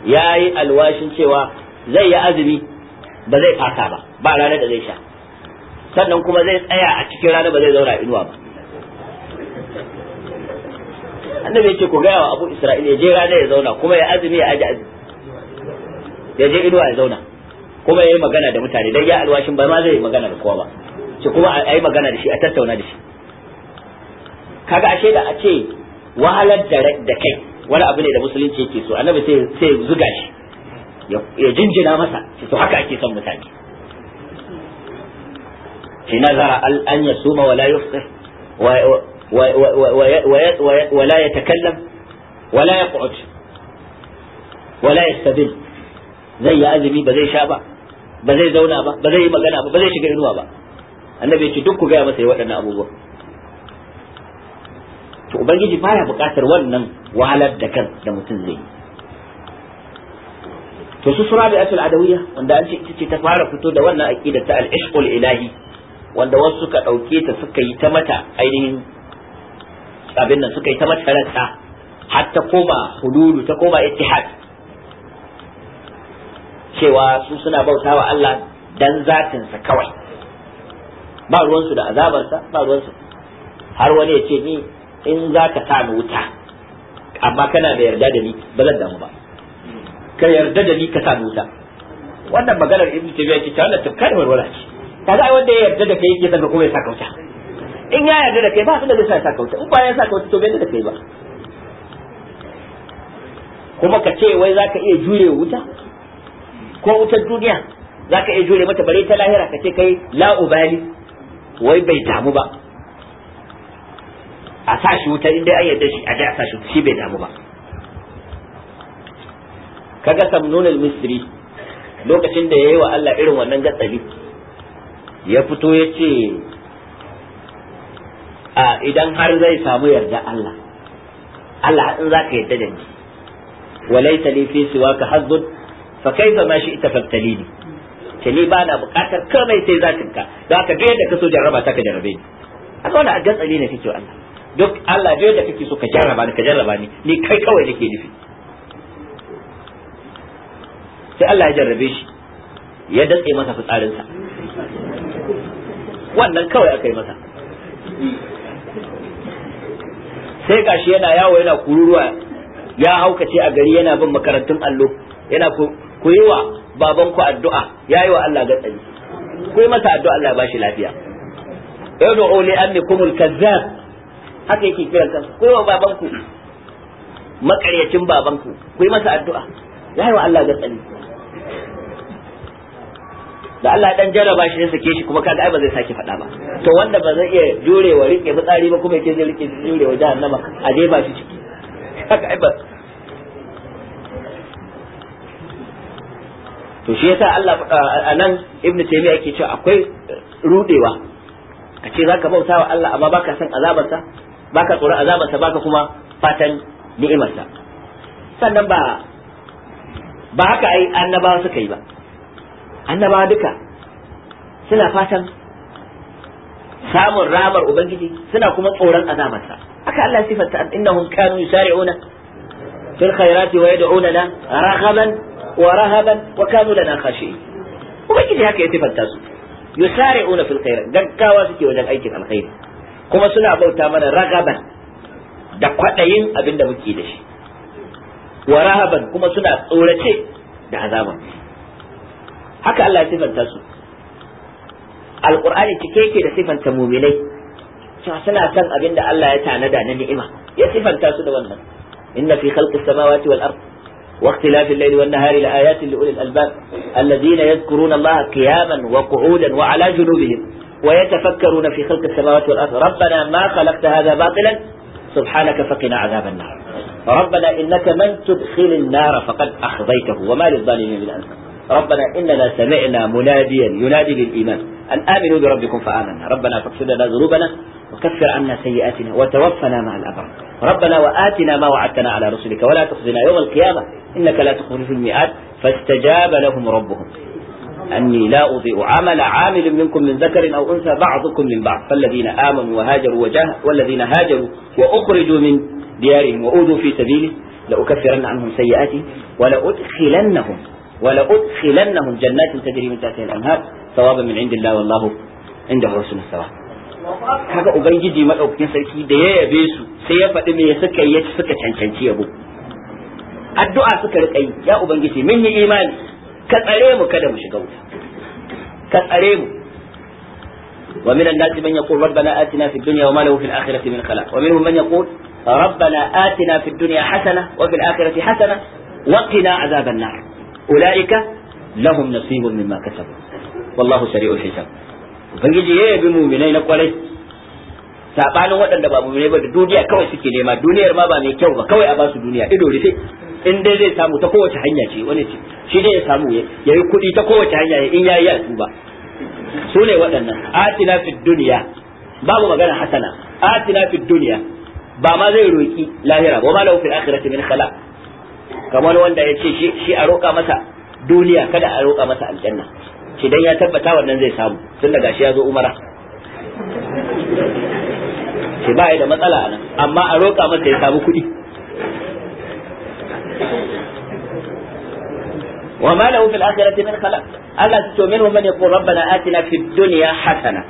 ya yi alwashin cewa zai yi azumi ba zai fasa ba ba ranar da zai sha sannan kuma zai tsaya a cikin rana ba zai zauna inuwa ba annabi yake ku gaya wa abu isra'ila ya je rana ya zauna kuma ya azumi ya aji azumi ya je inuwa ya zauna kuma ya yi magana da mutane dan ya alwashin ba ma zai yi magana da kowa ba ce kuma a yi magana da shi a tattauna da shi kaga ashe da a ce wahalar da kai wani abu ne da musulunci yake so annabi sai sai zuga shi ya jinjina masa to haka ake son mutane shi nazara al an ya suma wala yufqir ولا يتكلم ولا يقعد ولا يستدل zai yi azumi ba zai sha ba ba zai zauna ba ba zai yi magana ba ba zai shiga inuwa ba annabi ya ce duk ku gaya masa yi abubuwa to ubangiji baya buƙatar wannan wahalar da kan da mutum zai to su sura bi'atul adawiya wanda an ce ita ce ta fara fito da wannan aqida ta al-ishqul ilahi wanda wasu suka dauke ta suka yi ta mata ainihin abin nan suka yi ta mata rata har ta koma hululu ta koma ittihad cewa su suna bautawa Allah dan zatinsa kawai ba ruwansu da azabarsa ba ruwansu har wani ya ce ni in za ka sa ni wuta amma kana da yarda da ni ba zan damu ba ka yarda da ni ka sa ni wuta wannan maganar ibnu tabiya ce ta wannan tukkar warwara ce kaga ai wanda ya yarda da kai yake zaka kuma ya saka wuta in ya yarda da kai ba abin da zai sa saka wuta in ba ya saka wuta to bai da kai ba kuma ka ce wai zaka iya jure wuta ko wutar duniya zaka iya jure mata bare ta lahira ka ce kai la ubali wai bai damu ba a sa shi wuta inda an yarda shi a da a sa shi shi bai damu ba kaga samnun al-misri lokacin da yayi wa Allah irin wannan gatsali ya fito ya ce a idan har zai samu yarda Allah Allah in za ka yarda da ni walaita li fi siwaka hazzun fa kaifa ma shi ita fabtalini ce ni ba na bukatar kamai sai zatinka da ka ga yadda ka so jarraba ta ka jarrabe ni a zauna a gatsali ne kake Allah duk Allah dai da kake so ka jarraba ni ka jarraba ni ni kai kawai nake nufi sai Allah ya jarrabe shi ya datse masa fitsarinsa wannan kawai aka yi masa sai gashi yana yawo yana kururuwa ya haukace a gari yana bin makarantun allo yana ku yi wa ku addu'a ya yi wa Allah gatsari ku yi masa addu'a Allah ya shi lafiya yau da ole an kumul kazzab haka yake kiran kansa ku yi babanku makaryacin babanku ku yi masa addu'a ya yi wa Allah gatsali da Allah dan jaraba shi ya sake shi kuma kaga ai ba zai sake faɗa ba to wanda ba zai iya jurewa rike fitsari ba kuma yake zai rike jurewa jahannama a je ba shi ciki haka ai ba to shi yasa Allah nan Ibn Taymiyyah yake cewa akwai rudewa a ce zaka bauta wa Allah amma baka san azabarsa baka tsoron azabarsa baka kuma fatan ni'imarsa sannan ba ba haka ai annabawa suka yi ba annabawa duka suna fatan samun ramar ubangiji suna kuma tsoron azabarsa haka Allah sifanta innahum kanu yusari'una fil khairati wa yad'unana raghaban wa rahaban wa kanu lana khashi'in ubangiji haka ya sifanta su yusari'una fil khairat gaggawa suke wajen aikin alkhairi kuma suna bauta mana ragaban da kwaɗayin abin da muke da shi wa rahaban kuma suna tsorace da azaban haka Allah ya sifanta su alqur'ani cike yake da sifanta mu'minai cewa suna son abin da Allah ya tanada na ni'ima ya sifanta su da wannan inna fi khalqis samawati wal ardh واختلاف الليل والنهار لآيات لأولي الألباب الذين يذكرون الله قياما وقعودا وعلى جنوبهم ويتفكرون في خلق السماوات والأرض ربنا ما خلقت هذا باطلا سبحانك فقنا عذاب النار ربنا إنك من تدخل النار فقد أخضيته وما للظالمين من أنصار ربنا إننا سمعنا مناديا ينادي للإيمان أن آمنوا بربكم فآمنا ربنا فاغفر لنا ذنوبنا وكفر عنا سيئاتنا وتوفنا مع الأبرار ربنا وآتنا ما وعدتنا على رسلك ولا تخزنا يوم القيامة إنك لا تخلف الميعاد فاستجاب لهم ربهم أني لا أضيء عمل عامل منكم من ذكر أو أنثى بعضكم من بعض فالذين آمنوا وهاجروا وجاه والذين هاجروا وأخرجوا من ديارهم وأوذوا في سبيله لأكفرن عنهم سيئاتي ولأدخلنهم ولأدخلنهم جنات تجري من تحتها الأنهار ثوابا من عند الله والله عنده حسن الثواب kaga ubangiji madaukakin sarki da ya yabe su sai ya faɗi me suka yi suka cancanci yabo addu'a suka riƙa yi ya ubangiji mun yi imani ka كذا مش kada mu ومن الناس من يقول ربنا آتنا في الدنيا وما له في الآخرة من خلاق ومنهم من يقول ربنا آتنا في الدنيا حسنة وفي الآخرة حسنة وقنا عذاب النار أولئك لهم نصيب مما كسبوا والله سريع الحساب فنجي يا بمؤمنين قليل sabanin waɗanda ba mai ba da duniya kawai suke nema duniyar ma ba mai kyau ba kawai a ba su duniya ido rufe in dai zai samu ta kowace hanya ce wani ce shi dai ya samu ya yi kuɗi ta kowace hanya in yayi yasu ba su ne waɗannan atina fi duniya babu magana hasana atina fi duniya ba ma zai roki lahira ba ma lahu fil akhirati min khala kamar wanda ya ce shi a roƙa masa duniya kada a roƙa masa aljanna shi dan ya tabbata wannan zai samu tun daga shi ya zo umara ce ba da matsala nan amma a roƙa masa ya samu kuɗi wa ma lahu fil akhirati min khalaq Allah ta to minhum man yaqul rabbana atina fid dunya hasana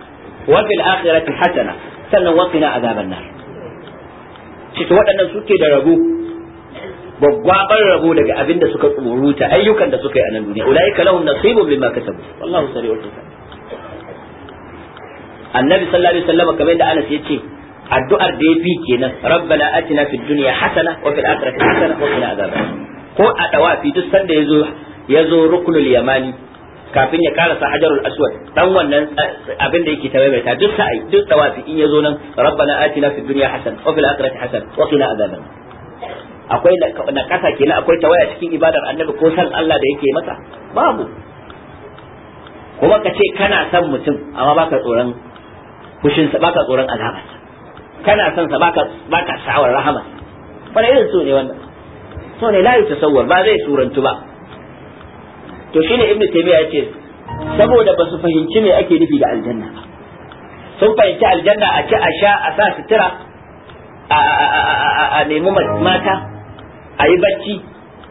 wa fil akhirati hasana sannan wa qina azaban nar shi to waɗannan suke da rabo gwaggwabar rabo daga abin da suka tsoruta ayyukan da suka yi a nan duniya ulaika lahum nasibun mimma kasabu wallahu sari'ul hisab annabi sallallahu alaihi wasallam kamar da Anas ce. addu'ar da yafi kenan rabbana atina fid dunya hasana wa fil akhirati hasana wa qina adhaban ko a dawafi duk sanda yazo yazo ruknul yamani kafin ya karasa hajarul aswad dan wannan eh, abin da yake tawaye ta duk sa'i duk dawafi in yazo nan rabbana atina fid dunya hasana wa fil akhirati hasana wa qina adhaban akwai na kasa kenan akwai tawaya cikin ibadar annabi ko san Allah da yake masa babu kuma ka ce kana son mutum amma baka tsoron fushinsa baka tsoron azabarsa kana son sa baka baka sha'awar rahama wani irin so ne wannan so ne la yutasawwar ba zai surantu ba to shine ibnu taymiya yace saboda ba su fahimci me ake nufi da aljanna sun fahimci aljanna a ci a sha a sa sutura a nemi mata a yi bacci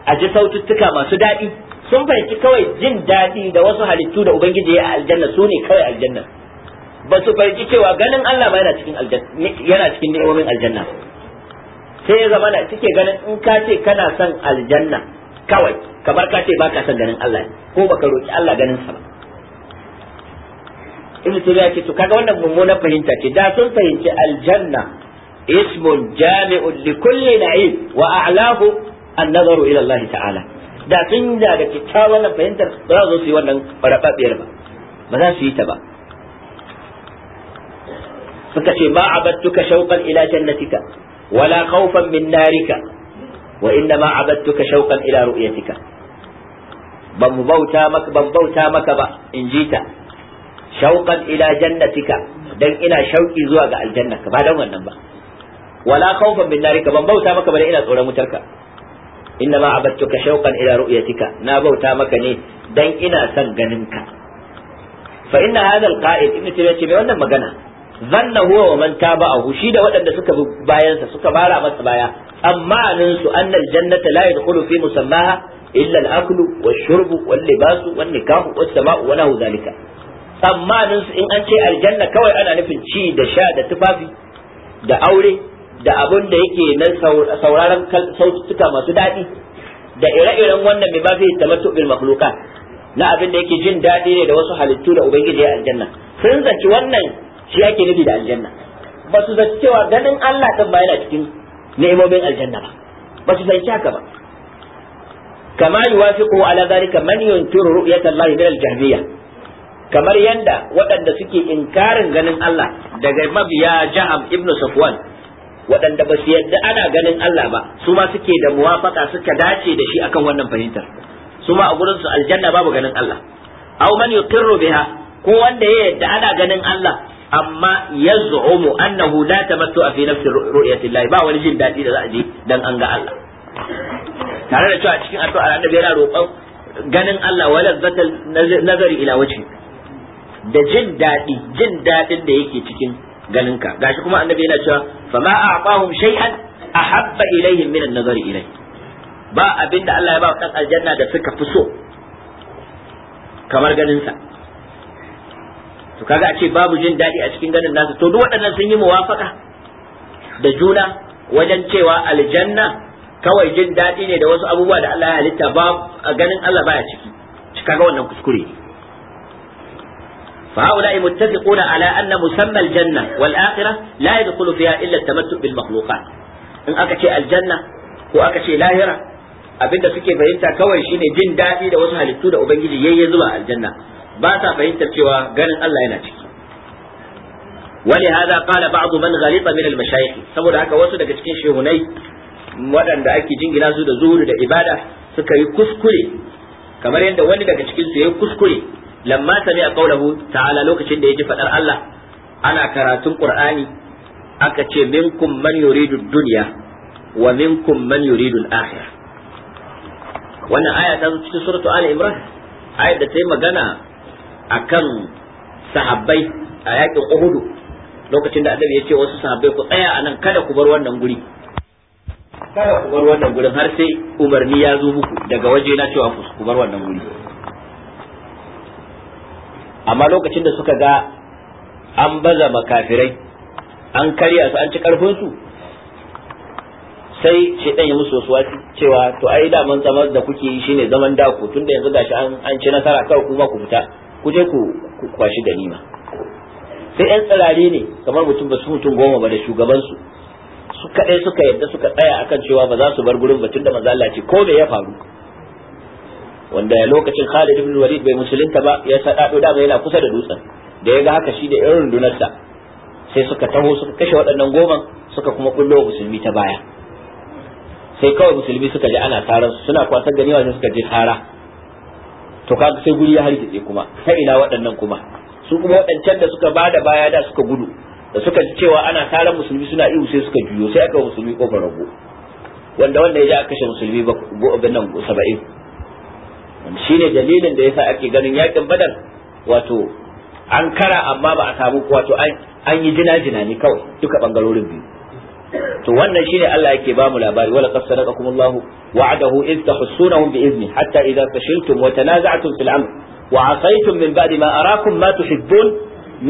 a ji saututtuka masu daɗi sun fahimci kawai jin daɗi da wasu halittu da ubangiji ya aljanna su ne kawai aljanna ba su farki cewa ganin Allah ba yana cikin aljanna ni'imomin aljanna sai ya zama da suke ganin in ka ce kana son aljanna kawai kamar ka ce baka son ganin Allah ko baka roki Allah ganin sa ba ibnu ya ce to kaga wannan mummunan fahimta ce da sun fahimci aljanna ismun jami'un li kulli na'im wa a'lahu an-nazaru ila Allah ta'ala da sun da ta wannan fahimtar ba za su yi wannan farafafiyar ba ba za su yi ta ba suka ce ma abattuka shauqan ila jannatika wala khawfan min narika wa inna ma abattuka shauƙan ila ru'yatika ban bauta maka ban bauta maka ba in ji ta shauqan ila jannatika dan ina shauƙi zuwa ga aljannaka ba dan wannan ba wala khawfan min narika ban bauta maka ba dan ina tsoron wutarka inna ma abattuka shauƙan ila ru'yatika na bauta maka ne dan ina son ganinka fa inna hadha alqa'id ibn tayyib ce mai wannan magana zanna huwa wa man ahu shi da waɗanda suka bi bayansa suka bara masa baya amma anin su annal jannata la yadkhulu fi musammaha illa al-aklu wash-shurbu wal-libasu wan-nikahu was-sama'u wa lahu dhalika tsammanin su in an ce aljanna kawai ana nufin ci da sha da tufafi da aure da abun da yake na sauraron saututtuka masu daɗi da ire-iren wannan mai bafi ta bil makhluqat na abin da yake jin daɗi ne da wasu halittu da ubangiji ya aljanna sun zaki wannan shi ake nufi da aljanna ba su zaci cewa ganin Allah kan ba yana cikin ni'imomin aljanna ba ba su zaci haka ba kama ko ala ka man yunkiru ru'yata Allah min al kamar yadda waɗanda suke inkarin ganin Allah daga mabiya Ja'am ibn Safwan waɗanda ba su yadda ana ganin Allah ba su ma suke da muwafaka suka dace da shi akan wannan fahimtar su ma a gurin su aljanna babu ganin Allah aw man yuqirru biha ko wanda ya yadda ana ganin Allah amma yaz'umu annahu la tamattu fi nafsi ru'yati Allah ba wani jin dadi da za a ji dan an ga Allah tare da cewa cikin addu'a da yana roƙon ganin Allah wala zatal nazari ila wajhi da jin dadi jin dadin da yake cikin ganinka gashi kuma annabi yana cewa ma a'tahum shay'an ahabba ilayhim min an-nazari ilayhi ba abinda Allah ya ba dan aljanna da suka fi so kamar ganinsa to kaga a ce babu jin daɗi a cikin ganin nasu. to duk waɗannan sun yi muwafaka da juna wajen cewa aljanna kawai jin daɗi ne da wasu abubuwa da Allah ya halitta ba a ganin Allah baya ciki kaga wannan kuskure ne فهؤلاء na على أن مسمى الجنة والآخرة لا يدخل فيها إلا التمسك In aka ce aljanna ko aka ce lahira abinda suke fahimta kawai shine jin daɗi da wasu halittu da ubangiji yayi zuwa aljanna ba sa fahimtar cewa ganin Allah yana ciki wani hada kala ba'du man ghalifa min al saboda haka wasu daga cikin shehunai waɗanda ake jingina su da zuhudu da ibada suka yi kuskure kamar yadda wani daga cikin su yayi kuskure lamma sami'a qawluhu ta'ala lokacin da ya ji faɗar Allah ana karatun Qur'ani aka ce minkum man yuridu dunya wa minkum man yuridu al-akhirah wannan aya ta zo cikin suratu Ali Imran ayar da ta yi magana akan sahabbai a yakin Uhudu lokacin da annabi ya ce wasu sahabbai ku tsaya anan kada ku bar wannan guri kada ku bar wannan gurin har sai umarni ya zo muku daga waje na cewa ku bar wannan guri amma lokacin da suka ga an baza makafirai an karya su an ci karfin su sai ce ya musu wasu wasu cewa to ai mun zama da kuke yi shine zaman dako tunda yanzu gashi an ci nasara kawai kuma ku fita ku je ku kwashi ganima sai yan tsirare ne kamar mutum ba su mutum goma ba da shugabansu su kaɗai suka yadda suka tsaya akan cewa ba za su bar gurin batun da maza ce ko me ya faru wanda lokacin Khalid ibn Walid bai musulunta ba ya sa sadado dama yana kusa da dutsen da ya ga haka shi da irin rundunarsa sai suka taho suka kashe waɗannan goman suka kuma kullo musulmi ta baya sai kawai musulmi suka ji ana tarar suna kwasar ganiwa sai suka je tara to kaga sai guri ya harkice kuma ta ina waɗannan kuma su kuma waɗancan da suka bada baya da suka gudu da suka ji cewa ana taron musulmi suna ihu sai suka juyo sai aka musulmi kofar rago wanda wanda ya ji aka kashe musulmi ba nan saba'in shine dalilin da yasa ake ganin yakin badar wato an kara amma ba a samu wato an yi jina-jina ne kawai duka bangarorin biyu to wannan shine Allah yake ba mu labari wala qad sadaqakum Allah wa'adahu iz tahsunahum bi izni hatta idza fashiltum wa tanaza'tum fil amr wa 'asaytum min ba'di ma arakum ma tuhibbun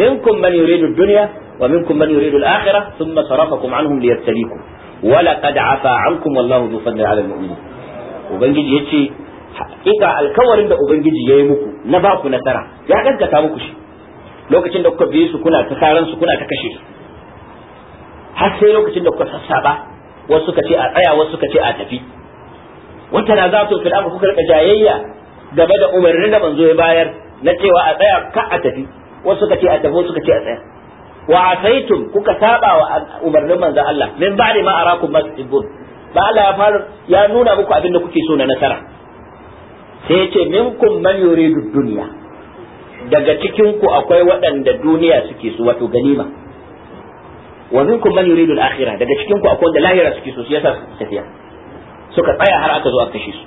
minkum man yuridu ad ومنكم من يريد الآخرة ثم صرفكم عنهم ليبتليكم ولقد عفا عنكم والله ذو فضل على المؤمنين ubangiji ya ce hakika alkawarin da ubangiji ya yi muku na ba nasara ya gaggata muku shi lokacin da kuka biye su kuna ta kuna ta kashe har sai lokacin da kuka sassaba wasu suka ce a tsaya wasu suka ce a tafi wata na za fi da kuka rika jayayya game da umarnin da manzo ya bayar na cewa a tsaya ka a tafi wasu suka ce a tafi wasu suka ce a tsaya wa asaitum kuka saba wa umarnin manzo Allah min ba'di ma arakum masibun ba Allah ya fara ya nuna muku abin da kuke so na nasara sai ce minkum man yuridu dunya daga cikin ku akwai waɗanda duniya suke so wato ganima wa minkum man yuridu al-akhirah daga cikin ku akwai wanda lahira suke so yasa suke tafiya suka tsaya har aka zo aka kashe su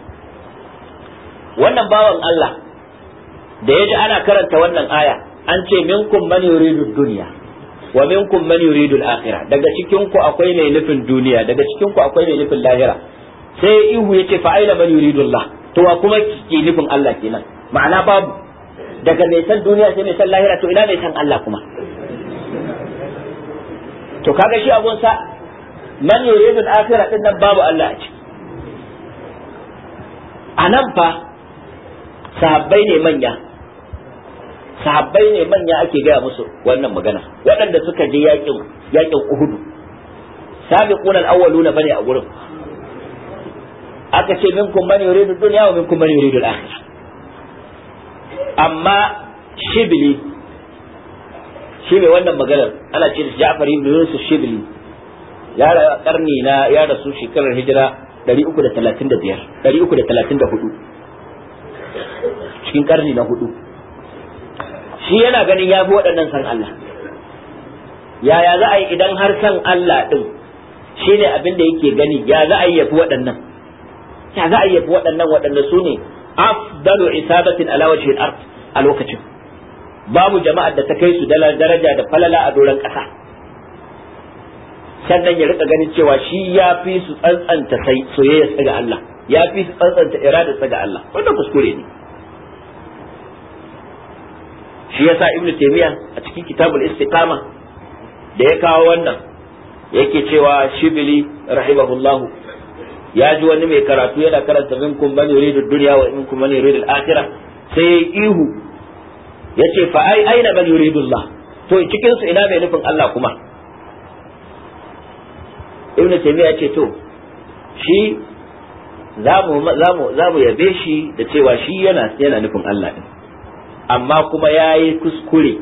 wannan bawan Allah da yaji ana karanta wannan aya an ce minkum man yuridu dunya wa minkum man yuridu al-akhirah daga cikin ku akwai mai nufin duniya daga cikin ku akwai mai nufin lahira sai ihu yace fa aina man yuridu Allah to wa kuma ke nufin Allah kenan ma'ana babu daga mai san duniya sai mai san lahira to ina mai san Allah kuma to kaga shi abun sa man yuridu al-akhirah din nan babu Allah a ciki anan fa sahabbai ne manya sahabbai ne manya ake gaya musu wannan magana waɗanda suka je yakin yakin Uhud sabiqun al-awwaluna bane a gurin aka ce minkum man yuridu dunya wa minkum man yuridu al-akhirah amma shibli shi ne wannan maganar ana ce da Ja'far ibn Yusuf Shibli ya rayu karni na ya rasu shekarar hijira 335 334 cikin karni na hudu shi yana ganin ya fi waɗannan san Allah yaya za a yi idan har san Allah ɗin shi ne abin da yake gani ya za a yi ya fi waɗannan ya za a yi ya fi waɗannan waɗanda su ne afdalu isabatin ala al ard a lokacin babu jama'ar da ta kai su daraja da falala a doron ƙasa sannan ya rika ganin cewa shi ya fi su tsantsanta soyayya ga Allah ya fi su tsantsanta irada ga Allah wannan kuskure ne shi yasa ibnu taymiya a cikin kitabul istiqama da ya kawo wannan yake cewa shibili rahimahullahu ya ji wani mai karatu yana karanta minkum man yuridu dunya wa minkum man yuridu al-akhirah sai ihu yace fa ai aina bal yuridullah to cikin su ina mai nufin Allah kuma ibnu taymiya yace to shi zamu zamu zamu yabe shi da cewa shi yana yana nufin Allah din amma kuma yayi kuskure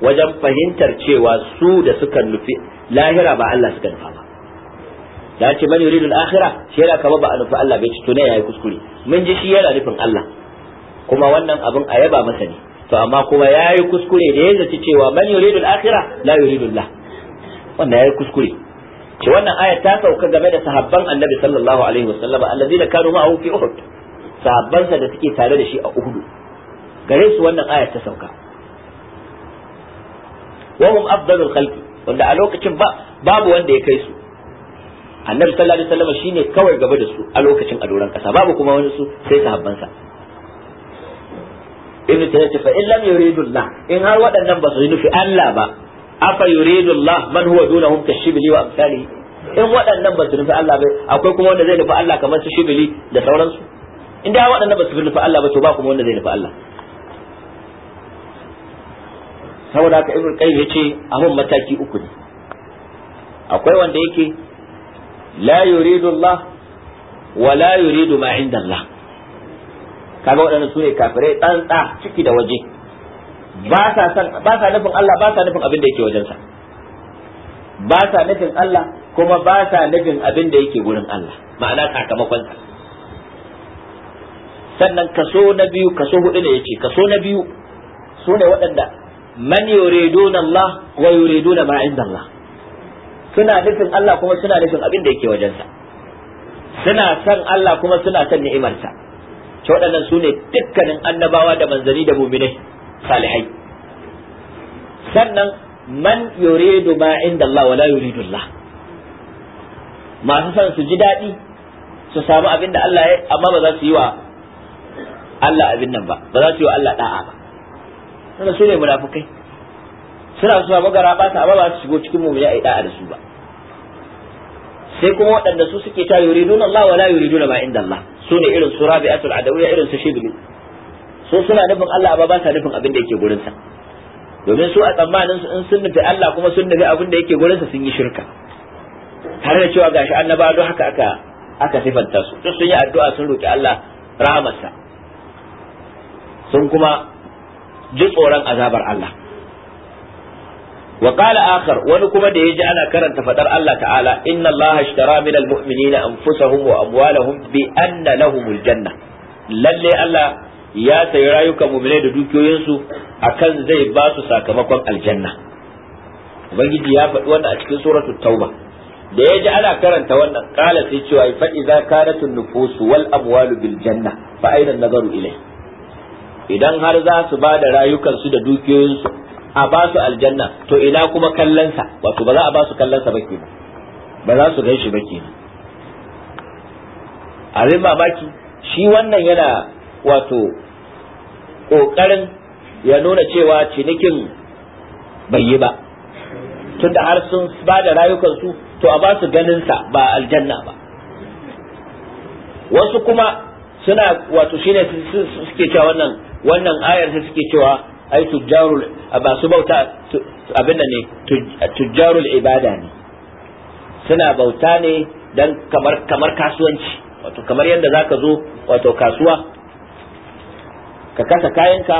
wajen fahimtar cewa su da suka nufi lahira ba Allah suka nufa ba da ce man yuridul akhirah shi yana kama ba a nufi Allah bai ci to ne yayi kuskure mun ji shi yana nufin Allah kuma wannan abin a yaba masa ne to amma kuma ya yi kuskure da ya zaci cewa man yuridu al-akhirah la yuridu Allah wannan ya yi kuskure ce wannan aya ta sauka game da sahabban annabi sallallahu alaihi wasallam allazina kanu ma'ahu fi uhud sa da suke tare da shi a uhud gare su wannan aya ta sauka wa hum afdalul khalqi wanda a lokacin ba babu wanda ya kai su annabi sallallahu alaihi wasallam shine kawai gaba da su a lokacin a doran kasa babu kuma wani su sai sahabbansa ibn tayyib ce fa in lam yuridullah in har waɗannan ba su yi nufi Allah ba afa yuridullah man huwa dunahum kashibli wa amsali in waɗannan ba su nufi Allah ba akwai kuma wanda zai nufi Allah kamar su shibli da sauransu in da waɗannan ba su nufi Allah ba to ba kuma wanda zai nufi Allah saboda haka ibn qayyim yace abun mataki uku ne akwai wanda yake la yuridu Allah wa la yuridu ma inda Allah kaga waɗannan su ne kafirai tsantsa ciki da waje ba sa san ba sa nufin Allah ba sa nufin abin da yake wajensa ba sa nufin Allah kuma ba sa nufin abin da yake gurin Allah ma'ana sakamakon sa sannan kaso na biyu kaso hudu ne yace kaso na biyu su ne waɗanda man yuriduna Allah wa yuriduna ma inda Allah suna nufin Allah kuma suna nufin abin da yake wajensa suna san Allah kuma suna san ni'imarsa ce waɗannan su ne dukkanin annabawa da manzani da muminai salihai sannan man yuridu ma inda Allah wala yuridu Allah masu son su ji daɗi su samu abin da Allah ya amma ba za su yi wa Allah abin nan ba ba za su yi wa Allah da'a ba sannan su ne munafukai suna su samu gara ba amma ba su shigo cikin a yi da'a da su ba sai kuma waɗanda su suke ta yuridun Allah wa la yuridun ma inda Allah su ne irin su adawiyya irin su shibli su suna nufin Allah amma ba sa nufin abin da yake gurin sa domin su a tsammanin su in sun nufi Allah kuma sun nufi abin da yake gurin sa sun yi shirka har da cewa gashi annaba don haka aka aka sifanta su duk sun yi addu'a sun roki Allah rahamarsa sun kuma ji tsoron azabar Allah wa akhar wani kuma da ya ji ana karanta faɗar Allah ta'ala inna Allah ashtara min almu'minina anfusahum wa amwalahum bi anna lahumul janna lalle Allah ya sayi rayukan mu'minai da dukiyoyinsu akan zai basu sakamakon aljanna Bangiji ya faɗi wannan a cikin suratul tauba da ya ji ana karanta wannan kala sai cewa fa idza kanatun nufusu wal amwalu bil janna fa aina nazaru ilai idan har za su ba da rayukansu da dukiyoyinsu a ba su aljanna to ina kuma kallonsa wato ba za a ba su kallonsa ba kenan ba za su gan shi ba kenan abin mamaki shi wannan yana wato ƙoƙarin ya nuna cewa cinikin bai yi ba tunda har sun ba da rayukansu to a ba su ganinsa ba aljanna ba wasu kuma suna wato shine suke cewa wannan wannan ayar sai suke cewa ai tujjarul su bauta abin ne tujjarul ibada ne suna bauta ne dan kamar kamar kasuwanci wato kamar yadda zaka zo wato kasuwa ka kasa kayanka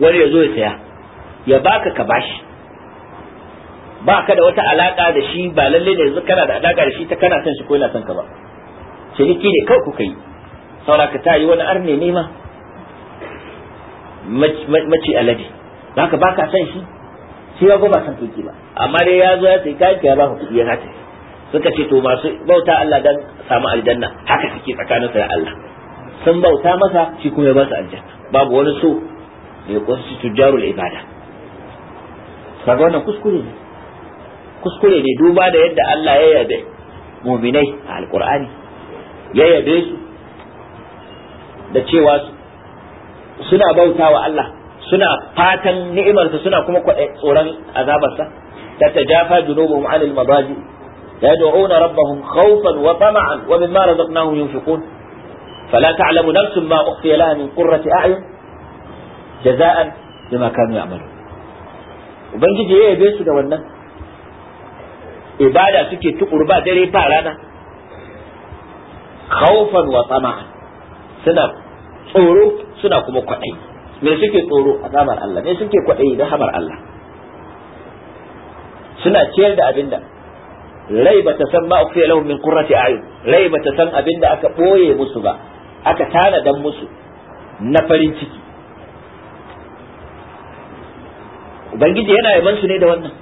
wani ya zo ya saya ya baka ka bashi ba ka da wata alaka da shi ba lalle ne yanzu kana da alaka da shi ta kana san shi ko yana san ka ba ciniki ne kawai kuka yi saura ka ta yi wani arne nema mace alade ba ka baka san shi shi ya ba san keke ba amma dai ya zo ya sai kayan ya ba kuɗi ya sace suka ce to masu bauta Allah dan samu aljanna haka suke sa da Allah sun bauta masa shi kuma ya ba su aljanna babu wani so da ya kunshi tujjarul ibada kaga wannan kuskure ne kuskure ne duba da yadda Allah ya yabe muminai a alqur'ani ya yabe su da cewa suna bauta wa Allah suna fatan ni'imarsa suna kuma tsoron azabarsa tatajafa junubuhum anil madaji yad'una rabbahum khawfan wa tama'an wa mimma razaqnahum yunfiqun fala ta'lamu nafsun ma ukhfiya laha min qurrati a'yun jaza'an bima kanu ya'malun ubangiji ya yabe su da wannan ibada suke tukur ba dare ba rana khawfan wa tama'an suna tsoro suna kuma kwaɗayi me suke tsoro azabar Allah me suke kwaɗayi da hamar Allah suna ciyar da abinda rai ba ta san ma ukhfiya lahum min qurrati a'yun rai ba ta san abinda aka boye musu ba aka tana dan musu na farin ciki ubangiji yana yaban su ne da wannan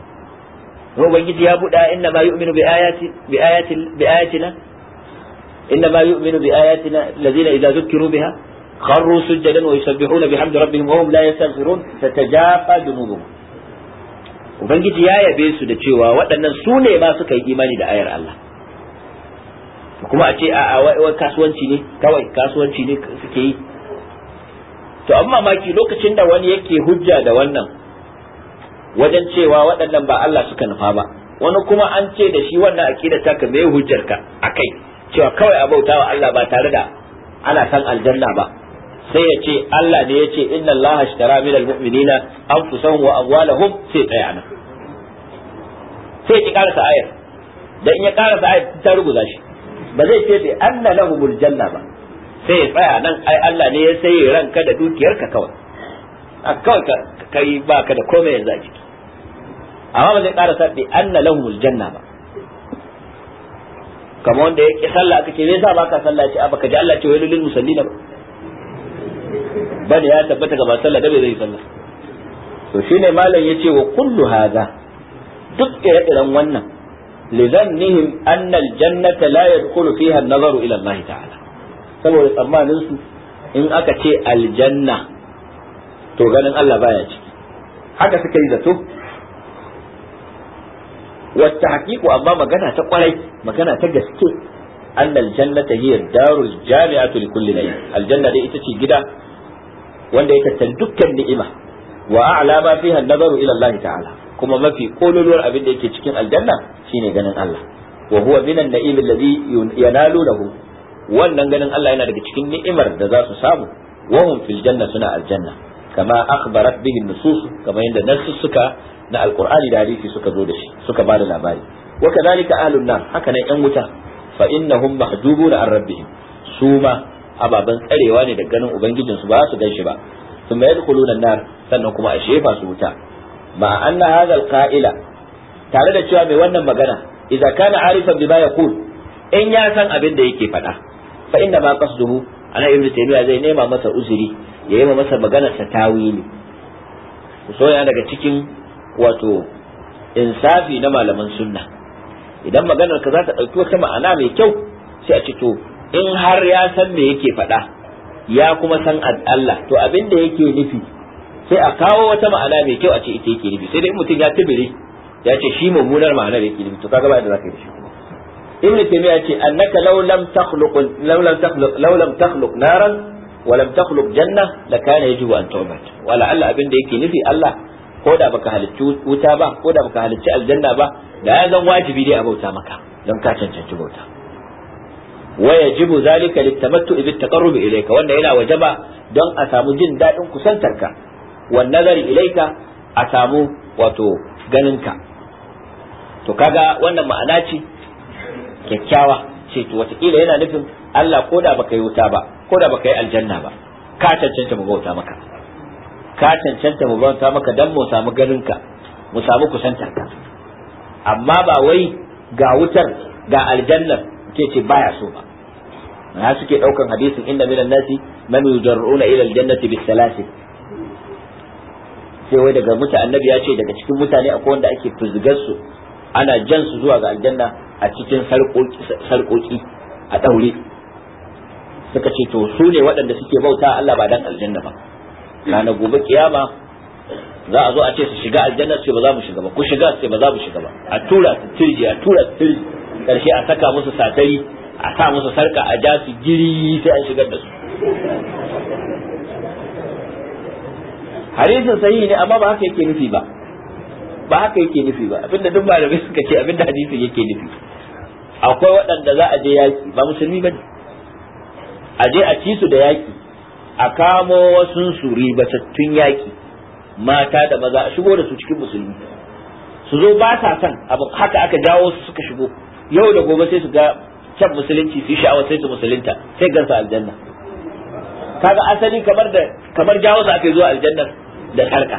ubangiji ya buɗa inna ma yu'minu bi ayati bi ayati bi ayatina inna ma yu'minu bi ayatina allazina idza zukkiru biha خروا سجدا ويسبحون بحمد ربهم وهم لا يستغفرون تتجافى جنوبهم ubangiji ya yabe su da cewa waɗannan sune ba suka yi imani da ayar Allah kuma a ce a wai kasuwanci ne kawai kasuwanci ne suke yi to amma maki lokacin da wani yake hujja da wannan wajen cewa waɗannan ba Allah suka nufa ba wani kuma an ce da shi wannan aqida ta ka me hujjarka akai cewa kawai a bautawa Allah ba tare da ana san aljanna ba sai ya ce Allah ne ya ce inna Allah ashtara min almu'minina anfusahum wa amwalahum sai tsaya nan sai ki karasa ayar dan in ya karasa ayar ta ruguza shi ba zai ce bi anna lahumul janna ba sai ya tsaya nan ai Allah ne ya sai ranka da dukiyarka kawai a kawai kai baka da komai yanzu a ciki amma ba zai karasa bi anna lahumul janna ba kamar wanda ya ki sallah aka ce me yasa baka sallah ce a baka ji Allah ce wai lil musallina ba bal ya tabbata ga masu sallah da bai zai sallah to ne malam ya ce wa kullu haza duk ya wannan lizannihim anna aljannata la yadkhulu fiha an-nazaru ila Allah ta'ala saboda tsammanin su in aka ce aljanna to ganin Allah baya ciki haka suka yi zato wata hakiku amma magana ta kwarai magana ta gaske annal jannata hiya darul jami'atu li kulli na'im aljanna dai ita ce gida wanda ya tattal dukkan ni'ima wa a'la ma fiha nazaru ila ta'ala kuma mafi kololuwar abin da yake cikin aljanna shine ganin Allah wa huwa minan na'im alladhi yanalu lahu wannan ganin Allah yana daga cikin ni'imar da za su samu wa hum janna suna aljanna kama akhbarat bihi nusus Kamar yadda nasu suka na alqur'ani da hadisi suka zo da shi suka ba da labari wa kadhalika ahlun nar haka nan yan wuta fa innahum mahjubuna an rabbihim su ma ababan tsarewa ne da ganin ubangijin su ba su gan shi ba thumma yadkhuluna nar sannan kuma a shefa su wuta ma anna hadha alqa'ila tare da cewa mai wannan magana idza kana arifan bima yaqul in ya san abin da yake faɗa fa inna ma qasduhu ana ibnu taymiya zai nema masa uzuri ya yi masa maganar sa tawili so yana daga cikin wato insafi na malaman sunna idan maganar ka za ta ɗauki wata ma'ana mai kyau sai a ce to in har ya san me yake faɗa ya kuma san Allah to abin da yake nufi sai a kawo wata ma'ana mai kyau a ce ita yake nufi sai dai mutum ya tibiri ya ce shi mummunar ma'anar yake nufi to kaga ba yadda za ka yi shi ibn taymiya ce annaka law lam takhluq law lam takhluq law lam takhluq naran wa lam takhluq janna la kana yajibu an tawbat wala alla abin da yake nufi Allah ko da baka halicci wuta ba ko da baka halicci aljanna ba da ya zan wajibi dai a bauta maka don ka cancanci bauta wa yajibu zalika litamattu bi taqarrub ilayka wanda yana wajaba don a samu jin dadin kusantarka wan nazari ilayka a samu wato ganinka to kaga wannan ma'ana ce kyakkyawa ce to wataƙila yana nufin Allah ko da baka yi wuta ba ko da baka yi aljanna ba ka cancanta mu bauta maka ka cancanta mu bauta maka dan mu samu ganin ka mu samu kusantar ka amma ba wai ga wutar ga aljannar ce ce baya so ba na suke daukan hadisin inda minan nasi man yujarruna ila aljannati bis salasi sai wai daga mutane annabi ya ce daga cikin mutane akwai wanda ake fuzgar su ana jan su zuwa ga aljanna a cikin sarƙoƙi a ɗaure suka ce to su ne waɗanda suke bauta Allah ba dan aljanna ba na gobe kiyama za a zo a ce su shiga aljanna ce ba za mu shiga ba ku shiga ce ba za mu shiga ba a tura su tirji a tura su tirji karshe a saka musu satari a sa musu sarka a ja su giri sai an shigar da su hadisin sahihi ne amma ba haka yake nufi ba ba haka yake nufi ba abinda duk malamai suka ce abinda hadisin yake nufi akwai waɗanda za a je yaki ba musulmi bane ne a je a ci su da yaki a kamo wasu su ribatattun yaki mata da maza a shigo da su cikin musulmi su zo ba sa san abin haka aka jawo su suka shigo yau da gobe sai su ga can musulunci su yi sha'awa sai su musulunta sai gansa aljanna kaga asali kamar da kamar jawo su aka zo aljannar da sarka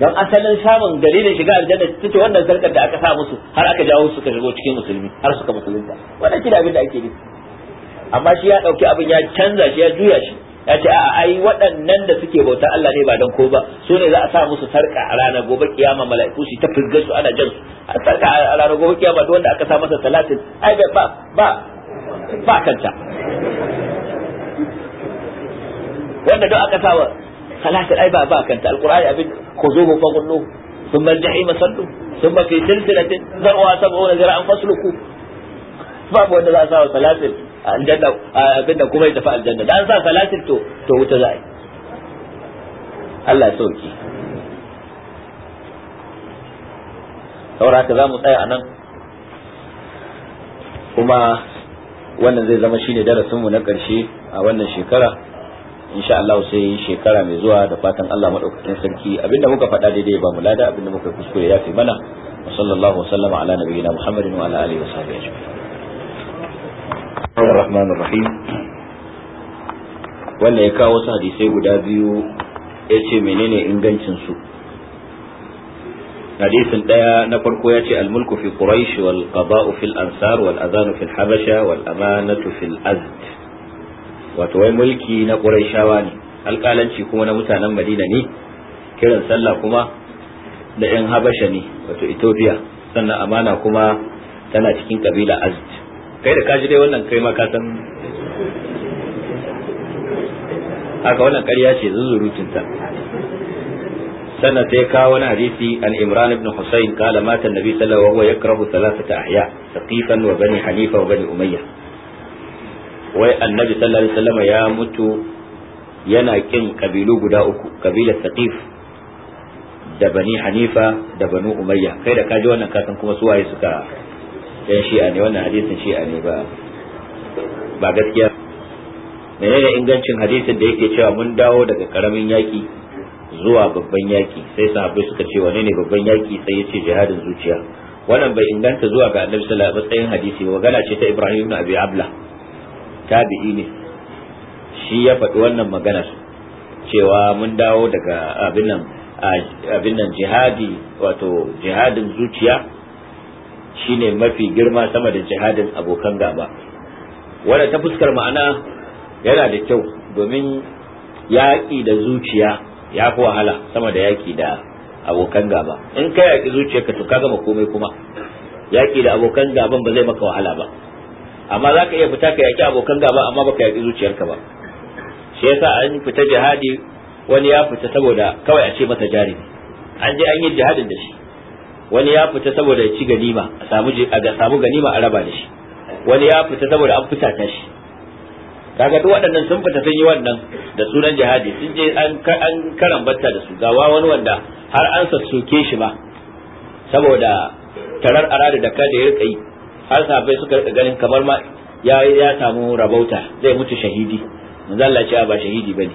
don asalin samun dalilin shiga aljanna ta ce wannan sarkar da aka sa musu har aka jawo suka shigo cikin musulmi har suka musulunta wannan kina abin da ake yi amma shi ya dauki abin ya canza shi ya juya shi ya ce a ai waɗannan da suke bautar Allah ne ba dan ko ba su ne za a sa musu sarka a ranar gobe kiyama mala'iku su ta firgar su ana jan a sarka a ranar gobe kiyama duk wanda aka sa masa salatin ai ba ba ba kanta wanda duk aka sawa salatin ai ba ba kanta alqur'ani abin khuzuhu faghullu thumma al-jahima sallu thumma fi silsilatin zarwa sab'una zira'an fasluku babu wanda za a sawa salatin aljanna abin kuma ya tafi aljanna da an sa salatin to to wuta za a yi Allah ya sauki saboda haka za mu tsaya a nan kuma wannan zai zama shine darasinmu na ƙarshe a wannan shekara insha Allah sai shekara mai zuwa da fatan Allah madaukakin sarki abinda muka faɗa daidai ba mu lada abinda muka kuskure ya fi mana wa sallallahu wa sallama ala nabiyyina muhammadin wa ala alihi wa sahbihi ajma'in الرحمن الرحيم wanda ya kawo wasu hadisai guda biyu ya ce menene ingancinsu hadisin ɗaya na farko ya ce almulku fi quraish wal qada'u fil ansar wal adhanu wai mulki na quraishawa ne Alkalanci kuma na mutanen madina ne kiran sallah kuma da yan habasha ne wato ethiopia sannan amana kuma tana cikin ƙabila azd kai da kaji dai wannan kai ma ka san haka wannan ƙarya ce zuzurutun ta sannan sai ka wani hadisi an imran ibn husayn kala mata annabi sallallahu alaihi wa yakrahu thalathata ahya saqifan wa bani hanifa wa bani umayya wai annabi sallallahu alaihi wasallam ya mutu yana kin kabilu guda uku kabilar saqif da bani hanifa da banu umayya kai da kaji wannan kasan kuma suwaye suka dan shi'a ne wannan hadisin shi'a ne ba ba gaskiya menene ingancin hadisin da yake cewa mun dawo daga karamin yaki zuwa babban yaki sai sahabbai suka ce wane ne babban yaki sai ya ce jihadin zuciya wannan bai inganta zuwa ga annabi sallallahu alaihi wasallam hadisi gana ce ta Ibrahim ibn Abi Abla tabi'i ne shi ya faɗi wannan magana cewa mun dawo daga abin nan abin nan jihadi wato jihadin zuciya shine mafi girma sama da jihadin abokan gaba wanda ta fuskar ma'ana yana da kyau domin yaƙi da zuciya ya fi wahala sama da yaƙi da abokan gaba in ka yaƙi zuciyarka to ka gama komai kuma yaƙi da abokan gaban ba zai maka wahala ba amma za ka iya fita ka yaƙi abokan gaba amma baka yaƙi zuciyarka ba shi yasa an fita jihadi wani ya fita saboda kawai a ce masa jari an je an yi jihadin da shi wani ya fita saboda ya ci ganima a samu a samu ganima a raba da shi wani ya fita saboda an ta shi kaga duk waɗannan sun fita sun yi wannan da sunan jihadi sun je an an karambata da su gawa wani wanda har an sassoke shi ba saboda tarar arada da kada ya rika yi har safai suka rika ganin kamar ma ya ya samu rabauta zai mutu shahidi mun zalla ce ba shahidi bane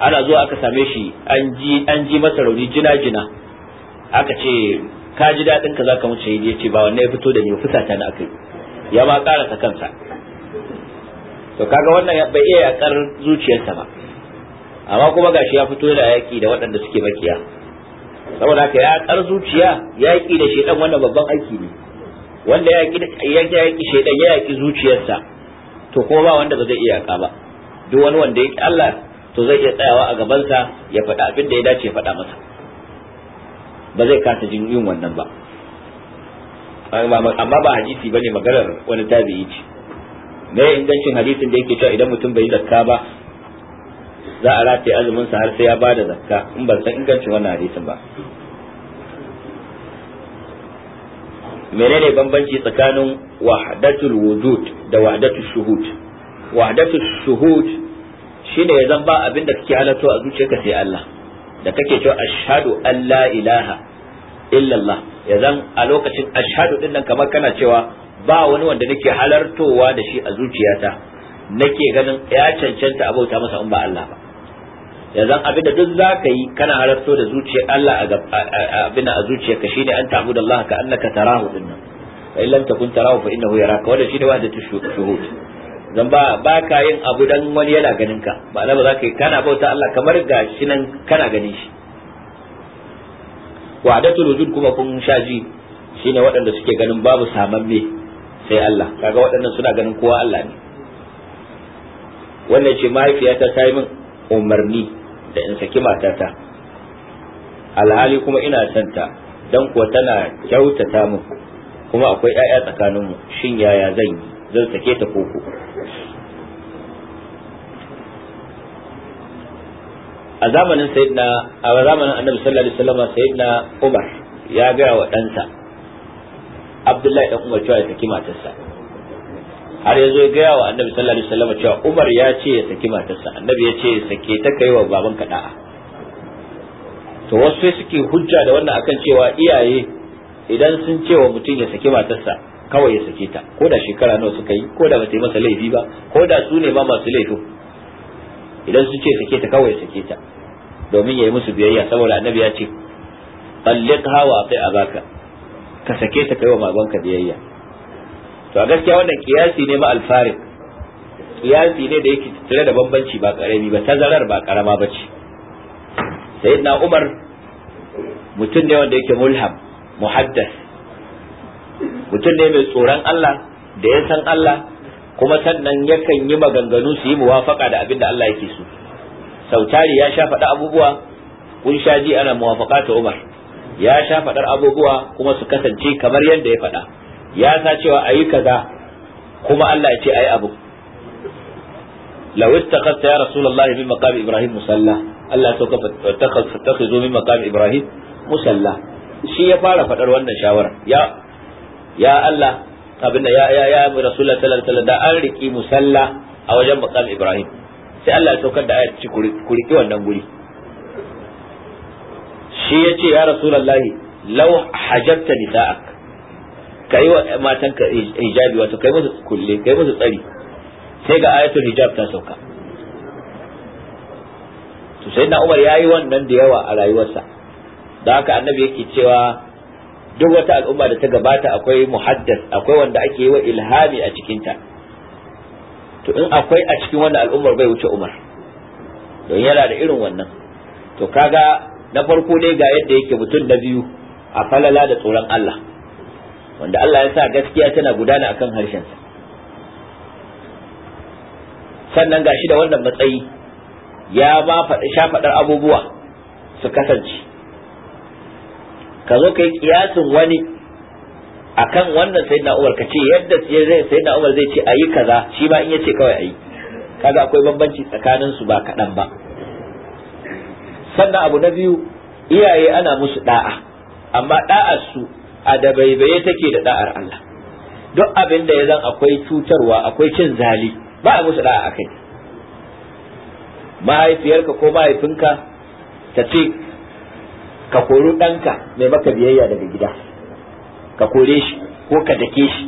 ana zuwa aka same shi an ji an ji masa rauni jina jina aka ce ka ji daɗin ka zaka wuce ya ce ba wanne ya fito da ni fusata na akai ya ma ta kansa to kaga wannan bai iya yakar zuciyarsa ba amma kuma gashi ya fito da yaki da waɗanda suke makiya saboda haka ya kar zuciya yaki da shedan wannan babban aiki ne wanda ya yaki yaki shedan ya yaki zuciyarsa to kuma ba wanda ba zai iya yaka ba duk wani wanda ƙi Allah to zai iya tsayawa a gabansa ya faɗa abin da ya dace ya faɗa masa ba zai kasa jin yin wannan ba amma ba hadisi ba ne maganar wani tabi'i ce me ingancin hadisin da yake cewa idan mutum bai yi zakka ba za a rataye azumin har sai ya bada zakka in ban san ingancin wannan hadisin ba menene bambanci tsakanin wahdatul wujud da wahdatul shuhud wahdatul shuhud shine ya ba abin da kake halatto a zuciyarka sai Allah da kake cewa ashhadu an la ilaha illallah ya zan a lokacin ashhadu din nan kamar kana cewa ba wani wanda nake halartowa da shi a zuciyata nake ganin ya cancanta a bauta masa in ba Allah ba ya zan abin da duk zaka yi kana halarto da zuciyar Allah a abin a zuciyarka shine an ta'budu Allah ka annaka tarahu din nan fa in lam takun tarahu fa innahu yaraka wannan shine shuhud zan ba ba ka yin abu dan wani yana ganin ka ba na ba za ka yi kana bauta Allah kamar shi nan kana ganin shi wa'adatul wujud kuma kun shaji shine waɗanda suke ganin babu samamme sai Allah kaga waɗannan suna ganin kowa Allah ne wannan ce mahaifiyata ta yi min umarni da in saki matata alhali kuma ina santa dan kuwa tana kyautata mu kuma akwai 'ya'ya tsakaninmu shin yaya zan yi zan sake ta koko a zamanin sayyidina a zamanin annabi sallallahu alaihi wasallam sayyidina Umar ya ga wa ɗansa Abdullahi dan Umar cewa ya saki matarsa har ya zo ga wa annabi sallallahu alaihi wasallam cewa Umar ya ce ya saki matarsa annabi ya ce sake ta kai wa babanka da'a to wasu sai suke hujja da wannan akan cewa iyaye idan sun ce wa mutum ya saki matarsa kawai ya sake ta ko da shekara nawa suka yi ko da bata yi masa laifi ba ko da su ne ma masu laifin idan su ce sake ta kawai sake ta domin ya yi musu biyayya saboda annabi ya ce talliqha wa a abaka ka sake ta kai wa biyayya to a gaskiya wannan kiyasi ne ma kiyasi ne da yake tattare da bambanci ba karami ba tazarar ba karama bace. ce sayyidina umar mutum ne wanda yake mulham muhaddas mutum ne mai tsoron Allah da ya san Allah kuma sannan yakan yi maganganu su yi muwafaka da abin da Allah yake so sautari ya sha faɗa abubuwa kun sha ji ana muwafaka ta Umar ya sha faɗar abubuwa kuma su kasance kamar yadda ya faɗa ya sa cewa a yi kaza kuma Allah ya ce yi abu kasta لو اتخذت يا رسول الله من مقام ابراهيم مصلى الله سوف تتخذوا min makami Ibrahim Musalla. shi ya fara faɗar wannan shawara ya ya Allah abin da ya ya ya rasulullah sallallahu alaihi wasallam da an riki musalla a wajen maqam ibrahim sai Allah ya saukar da ayat ci ku riki wannan guri shi yace ya rasulullahi law hajabta nisa'ak kai wa matanka hijabi wato kai musu kulle kai musu tsari sai ga ayatul hijab ta sauka to sai na Umar yayi wannan da yawa a rayuwarsa da haka annabi yake cewa duk wata al'umma da ta gabata akwai muhaddas akwai wanda ake yi wa ilhami a cikinta to in akwai a cikin wannan al'ummar bai wuce umar don yana da irin wannan to kaga na farko dai ga yadda yake mutum na biyu a falala da tsoron Allah wanda Allah ya sa gaskiya tana gudana akan sa, sannan gashi da wannan matsayi ya ba shafaɗar abubuwa su kasance ka zo kai kiyasin wani a kan wannan na Umar ka ce yadda na Umar zai ce ayi kaza shi ba in ce kawai ayi kaza akwai bambanci tsakanin su ba kaɗan ba sannan abu na biyu iyaye ana musu ɗa'a amma da'ar a da baibaye take da ɗa'ar Allah duk abin da ya zan akwai cutarwa akwai cin zali ba a musu da'a akai mahaifiyarka ko mahaifinka ta ce ka kori ɗanka mai maka biyayya daga gida ka kore shi ko ka dake shi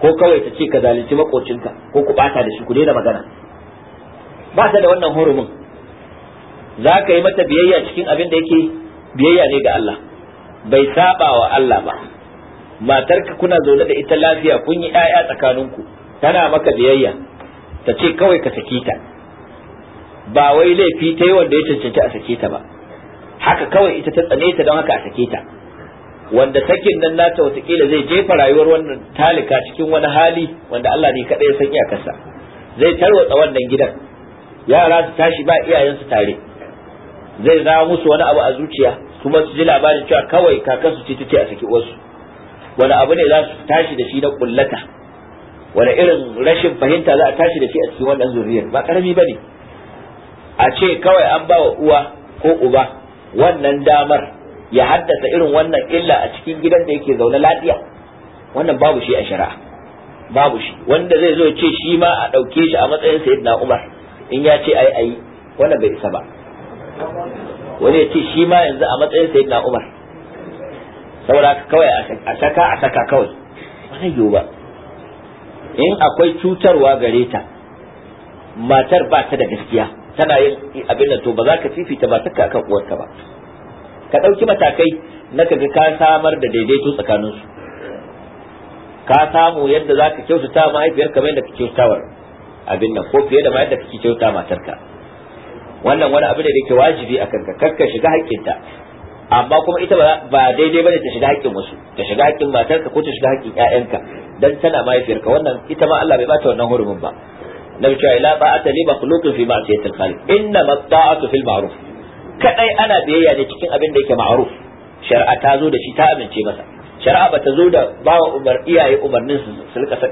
ko kawai ka ce ka zalunci makocinka ko ku bata da shi ku daina magana ba ta da wannan hurumin za ka yi mata biyayya cikin abin da yake biyayya ne ga Allah bai saba wa Allah ba matarka kuna zaune da ita lafiya kun yi ɗaya tsakaninku tana maka biyayya ta ce kawai ka sake ta ba wai laifi ta yi wanda ya cancanci a sake ta ba haka kawai ita ta tsane ta don haka a sake ta wanda sakin nan nata watakila zai jefa rayuwar wannan talika cikin wani hali wanda Allah ne kaɗai ya san iyakarsa zai tarwatsa wannan gidan yara su tashi ba iyayensu tare zai zama musu wani abu a zuciya kuma su ji labarin cewa kawai kakansu ce tace a saki wasu wani abu ne za su tashi da shi na kullata wani irin rashin fahimta za a tashi da shi a cikin wannan zuriyar ba karami ne? a ce kawai an ba wa uwa ko uba wannan damar ya haddasa irin wannan illa a cikin gidan da yake zaune lafiya wannan babu shi a shari'a babu shi wanda zai zo ya ce shi ma a ɗauke shi a matsayin na Umar in ya ce ai ai wannan bai isa ba wani ya ce shi ma yanzu a matsayin na Umar saboda kawai a saka a saka kawai ba yiwu ba in akwai cutarwa gare ta matar ba ta da gaskiya tana yin abin da to ba za ka fifita matarka kan uwarka ba ka ɗauki matakai na kaga ka samar da daidaito tsakaninsu ka samu yadda za ka kyautata mahaifiyar kamar yadda ka kyautawar abin nan ko fiye da ma yadda kake kyauta matarka wannan wani abu ne da ke wajibi a kanka kakka shiga haƙƙinta amma kuma ita ba daidai bane ta shiga haƙƙin wasu ta shiga haƙƙin matarka ko ta shiga haƙƙin ƴaƴanka dan tana mahaifiyarka wannan ita ma Allah bai bata wannan hurumin ba na cewa la ta'ata li makhluqin fi ma'siyatil khaliq inna ta'atu fil ma'ruf kadai ana biyayya ne cikin abin da yake ma'ruf shari'a ta zo da shi ta amince masa shari'a bata zo da bawa umar iyaye umarnin su su rika sa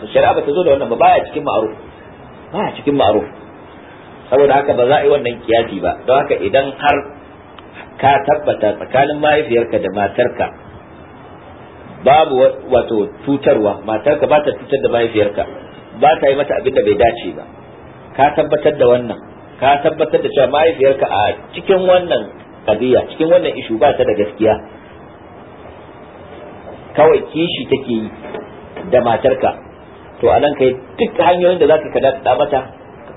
su shari'a bata zo da wannan ba baya cikin ma'ruf baya cikin ma'ruf saboda haka ba za a yi wannan kiyasi ba don haka idan har ka tabbata tsakanin mahaifiyarka da matarka babu wato tutarwa matarka ba ta tutar da mahaifiyarka ba ta yi mata abin da bai dace ba ka tabbatar da wannan ka tabbatar da cewa mahaifiyarka a cikin wannan kadiya cikin wannan ishu ba ta da gaskiya kawai kishi take yi da matarka to a nan kai duk hanyoyin da za ka kada mata ka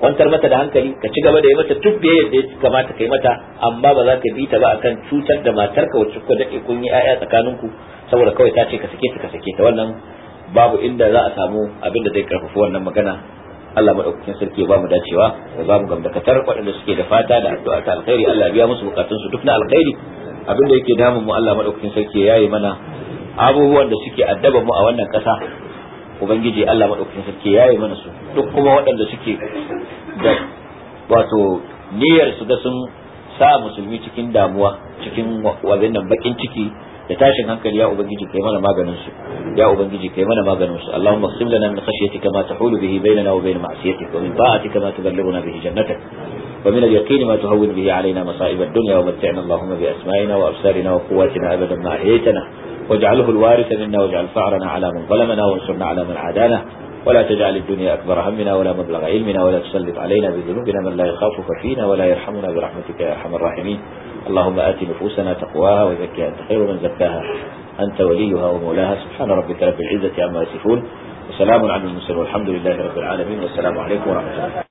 kwantar mata da hankali ka ci gaba da yi mata duk biyayya da ya kamata yi mata amma ba za ka bi ta ba akan cutar da matarka wacce kuka dade kun yi 'ya'ya tsakaninku saboda kawai ta ce ka sake ta ka sake ta wannan babu inda za a samu abin da zai karfafa wannan magana Allah madaukakin sarki ya ba mu dacewa ya mu gamdakatar waɗanda suke da fata da addu'a ta alkhairi Allah biya musu bukatun su duk na alkhairi abin da yake damun mu Allah madaukakin sarki ya yi mana abubuwan da suke addaba mu a wannan ƙasa ubangiji Allah madaukakin sarki ya yi mana su duk kuma waɗanda suke da wato niyyar su ga sun sa musulmi cikin damuwa cikin wazannan nan bakin ciki da tashin hankali ya ubangiji kai mana maganin su ya ubangiji kai mana maganin su allahumma qsim lana min khashyatika ma tahulu bihi bainana wa bain ma'siyatika wa min ta'atika ma tuballighuna bihi jannatak wa min al-yaqini ma bihi ومن اليقين ما تهون به علينا مصائب الدنيا ومتعنا wa بأسمائنا وأبصارنا وقواتنا أبدا ما أحييتنا واجعله الوارث منا واجعل فعرنا على من ظلمنا وانصرنا على من عادانا ولا تجعل الدنيا أكبر همنا ولا مبلغ علمنا ولا تسلط علينا بذنوبنا من لا يخافك فينا ولا يرحمنا برحمتك يا أرحم الراحمين اللهم آت نفوسنا تقواها وزكها أنت خير من زكاها أنت وليها ومولاها سبحان ربك رب العزة عما يصفون وسلام على المرسلين والحمد لله رب العالمين والسلام عليكم ورحمة الله